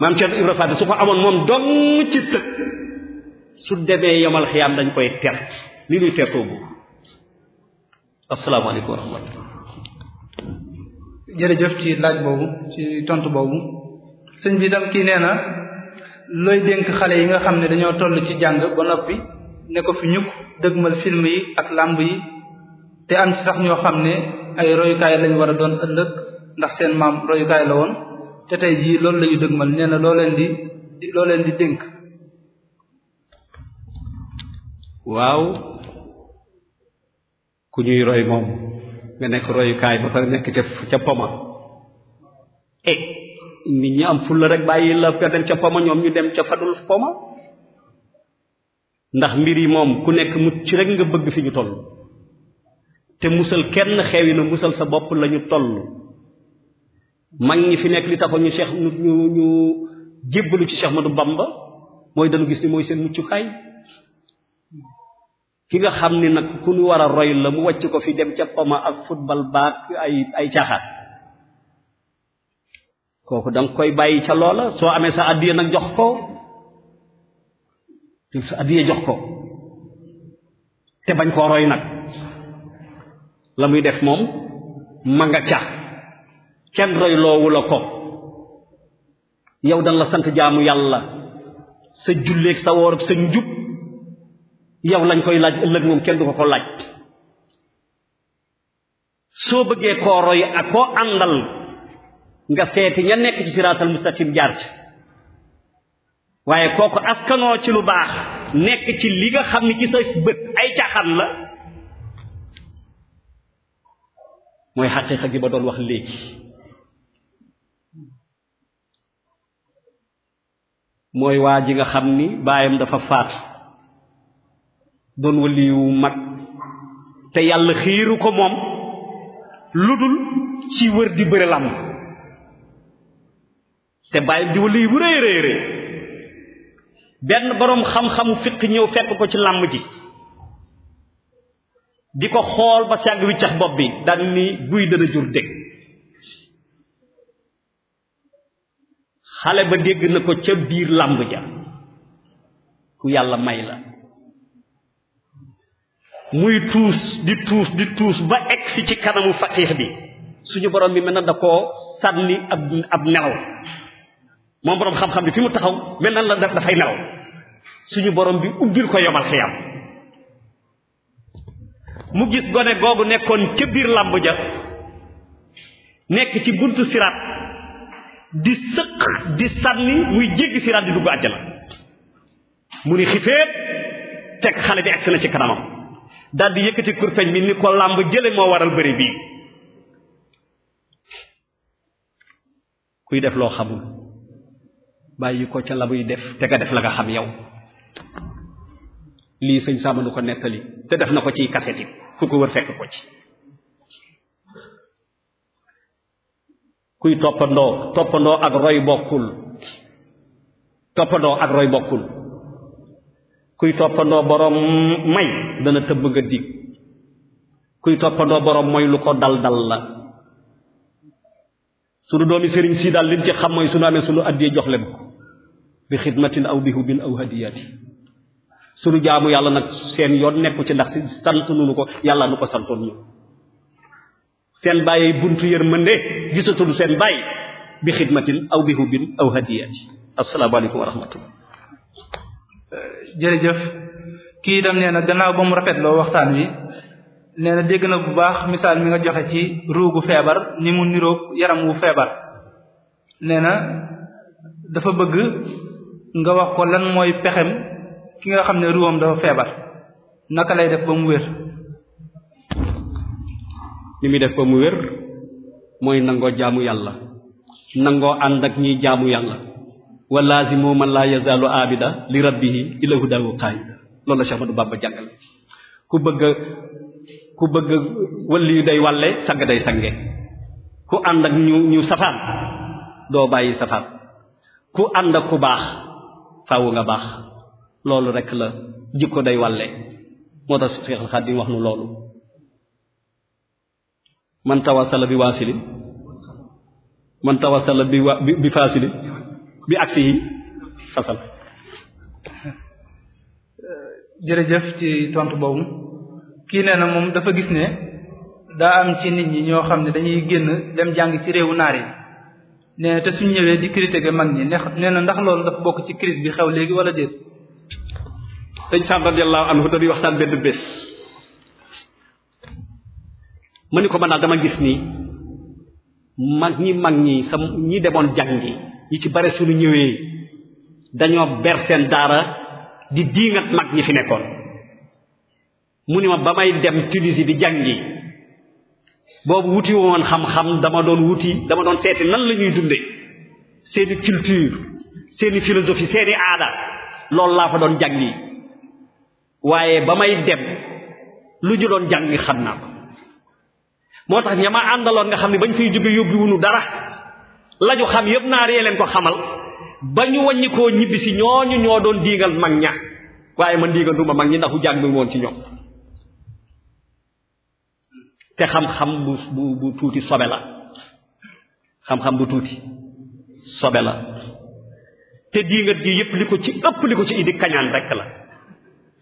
maam Cheikh Ibra Faati su ko amoon moom dong ci tëg su demee yamal xiyaam dañ koy ter li ñuy tertoo bu asalaamaaleykum wa rahmatullah jërëjëf ci laaj boobu ci tontu boobu sëñ bi tam kii nee na looy dénk xale yi nga xam ne dañoo toll ci jàng ba noppi ne ko fi ñukk dëgmal film yi ak làmb yi te am ci sax ñoo xam ne ay royukaay lañ war a doon ëllëg ndax seen maam royukaay la woon te tey jii loolu lañu dëgmal nee na loo leen di loo leen di dénk waaw ku ñuy roy moom nga nekk royukaay ba pare nekk ca ca poma e nit ñi am fulla rek bàyyi la ko dem ca poma ñoom ñu dem ca fadul poma ndax mbir yi moom ku nekk mucc rek nga bëgg fi ñu toll te musal kenn xewi na musal sa bopp lañu ñu toll mag ñi fi nekk li taxoon ñu seex mu ñu ñu jébbalu ci Cheikh du Bamba mooy dañu gis ni mooy seen muccukaay ki nga xam ni nag ku ñu war a roy la mu wàcc ko fi dem ca poma ak football baak ay ay caaxaar kooku danga koy bàyyi ca loola soo amee sa addiya nag jox ko sa addiya jox ko te bañ koo roy nag la muy def moom ma nga ca kenn roy loowu la ko yow dan la sant jaamu yàlla sa julleeg sa woor ak sa njub yow lañ koy laaj ëllëg moom kenn du ko ko laaj soo bëggee koo roy ak koo àndal nga seeti ña nekk ci siraatal mustaqim jaar ci waaye kooku askanoo ci lu baax nekk ci li nga xam ni ci sa bët ay caaxaan la mooy xaqiiqa gi ba doon wax léegi mooy waa ji nga xam ni baayam dafa faat doon waliyu mag te yàlla xiiru ko moom lu dul ci wër di bëre lam te bàyyi di wali bu rëy rëy rëy benn boroom xam-xamu fiq ñëw fekk ko ci làmb ji di ko xool ba sàgg wiccax bopp bi daan ni guy dana jur dégg xale ba dégg na ko ca biir làmb ja ku yàlla may la muy tuus di tuus di tuus ba egsi ci kanamu faqiix bi suñu borom bi mën na da koo sànni ab ab nelaw moom boroom xam-xam bi fi mu taxaw mel nan la def dafay nelaw suñu boroom bi ubbil ko yomal xiyam mu gis gone googu nekkoon ca biir làmb ja nekk ci bunt siraat di sëq di sànni muy jéggi siraat di dugg àjjana mu ni xifeet fekk xale bi agsi na ci kanamam daldi yëkkati kurpeñ bi ni ko làmb jële moo waral bari bii kuy def loo xamul bàyyi ko ca la muy def te nga def la nga xam yow lii sëñ Samba nu ko nettali te def na ko ciy kaset ku ko wër fekk ko ci kuy toppandoo toppandoo ak roy bokkul toppandoo ak roy bokkul kuy toppandoo boroom may dana tëbb nga dig kuy toppandoo borom mooy lu ko dal dal la sunu doomi sëriñ sii daal liñ ci xam mooy sunu amee sunu àddiyee jox leen ko bi xidmatin aw bi hubbin aw hadiyati sunu jaamu yàlla nag seen yoon nekku ci ndax si sant nunu ko yàlla nu ko santoon ñu seen bàyyi buntu yërmande gisatul seen bàyyi bi xidmatin aw bi hubbin aw hadiyati asalaamaaleykum wa rahmatullah eh, jërëjëf kii itam nee na gannaaw ba mu loo waxtaan wi nee na dégg na bu baax misaal mi nga joxe ci ruugu feebar ni mu niroog yaram wu feebar nee na dafa bëgg nga wax ko lan mooy pexem ki nga xam ne ruwam dafa feebar naka lay def ba mu wér li muy def ba mu wér mooy nangoo jaamu yàlla nangoo ànd ak ñiy jaamu yàlla wa lazimu man la yazalu abida li rabbihi ila hudahu qaida loolu la Cheikh Ahmadou Bamba jàngal ku bëgg ku bëgg wëlli day wàlle sag day sange ku ànd ak ñu ñu safaan doo bàyyi safaan ku ànd ak ku baax faaw nga baax loolu rek la jikko day wàlle moo tax Seex al Xaadim wax nu loolu man tawasala bi waasili man tawasala bi wa bi faasili bi agsi yi fasal jërëjëf ci tontu boobu kii nee na moom dafa gis ne daa am ci nit ñi ñoo xam ne dañuy génn dem jàng ci réewu naar yi nee te suñu ñëwee di critiquer mag ñi ne nee na ndax loolu dafa bokk ci crise bi xew léegi wala déet sëñ Sam radiyallahu anhu dañuy waxtaan benn bés mu ni ko man daal dama gis nii mag ñi mag ñi sa ñi demoon jàngi ñi ci bare suñu ñëwee dañoo ber seen daara di diingat mag ñi fi nekkoon mu ni ma ba may dem Tunisie di jàngi boobu wuti woon xam-xam dama doon wuti dama doon seeti nan la ñuy dunde seeni culture seeni philosophie seeni aada loolu laa fa doon jàngi waaye ba may dem lu ñu doon jàngi xam naa ko moo tax ña ma àndaloon nga xam ne bañ fiy jóge yóbbiwunu dara lañu xam yëpp naar yee leen ko xamal ba ñu wàññikoo ñibbi si ñooñu ñoo doon diingal mag ña waaye man diingal duma mag ñi ndaxu jàng woon ci ñoom te xam-xam bu bu bu tuuti sobe la xam-xam bu tuuti sobe la te diingat gi yépp li ko ci ëpp li ko ci indi kañaan rekk la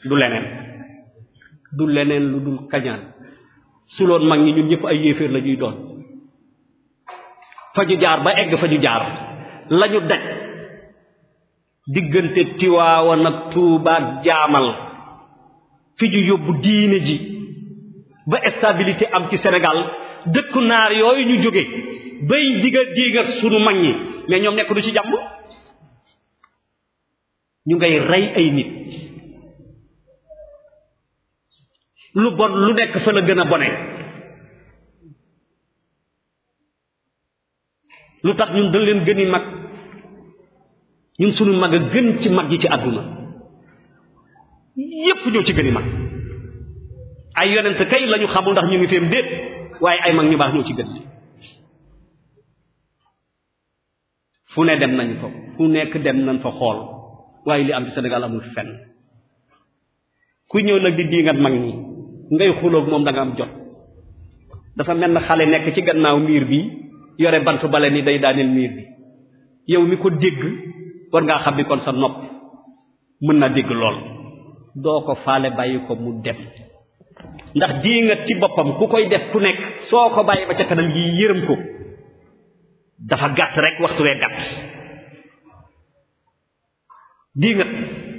du leneen du leneen lu dul kañaan su loon mag ñi ñun ñëpp ay yéeféer lañuy doon fa ñu jaar ba egg fa ñu jaar lañu daj diggante tiwaawan nag tuubaak jaamal fi ñu yóbbu diine ji ba stabilité am ci senegal dëkku naar yooyu ñu jóge bay digga diiga sunu mag ñi mais ñoom nekk du ci jàmm ñu ngay rey ay nit lu bon lu nekk fa la gën a bone lu tax ñun dañ leen gëni mag ñun sunu mag a gën ci mag yi ci àdduna yépp ñoo ci gëni mag ay yonent kay lañu xamul ndax ñu ngi feem déet waaye ay mag ñu baax ñoo ci gën fu ne dem nañ ko fu nekk dem nañ fa xool waaye li am ci Sénégal amul fenn ku ñëw nag di diingat mag ñi ngay xuloog moom da am jot dafa mel na xale nekk ci gannaaw miir bi yore bant bale ni day daaneel miir bi yow mi ko dégg war ngaa xam ni kon sa nopp mën na dégg lool doo ko faale bàyyi ko mu dem ndax diingat ci boppam ku koy def ku nekk soo ko bàyyi ba ca kanam yi yërëm ko dafa gàtt rek waxtu wee gàtt diingat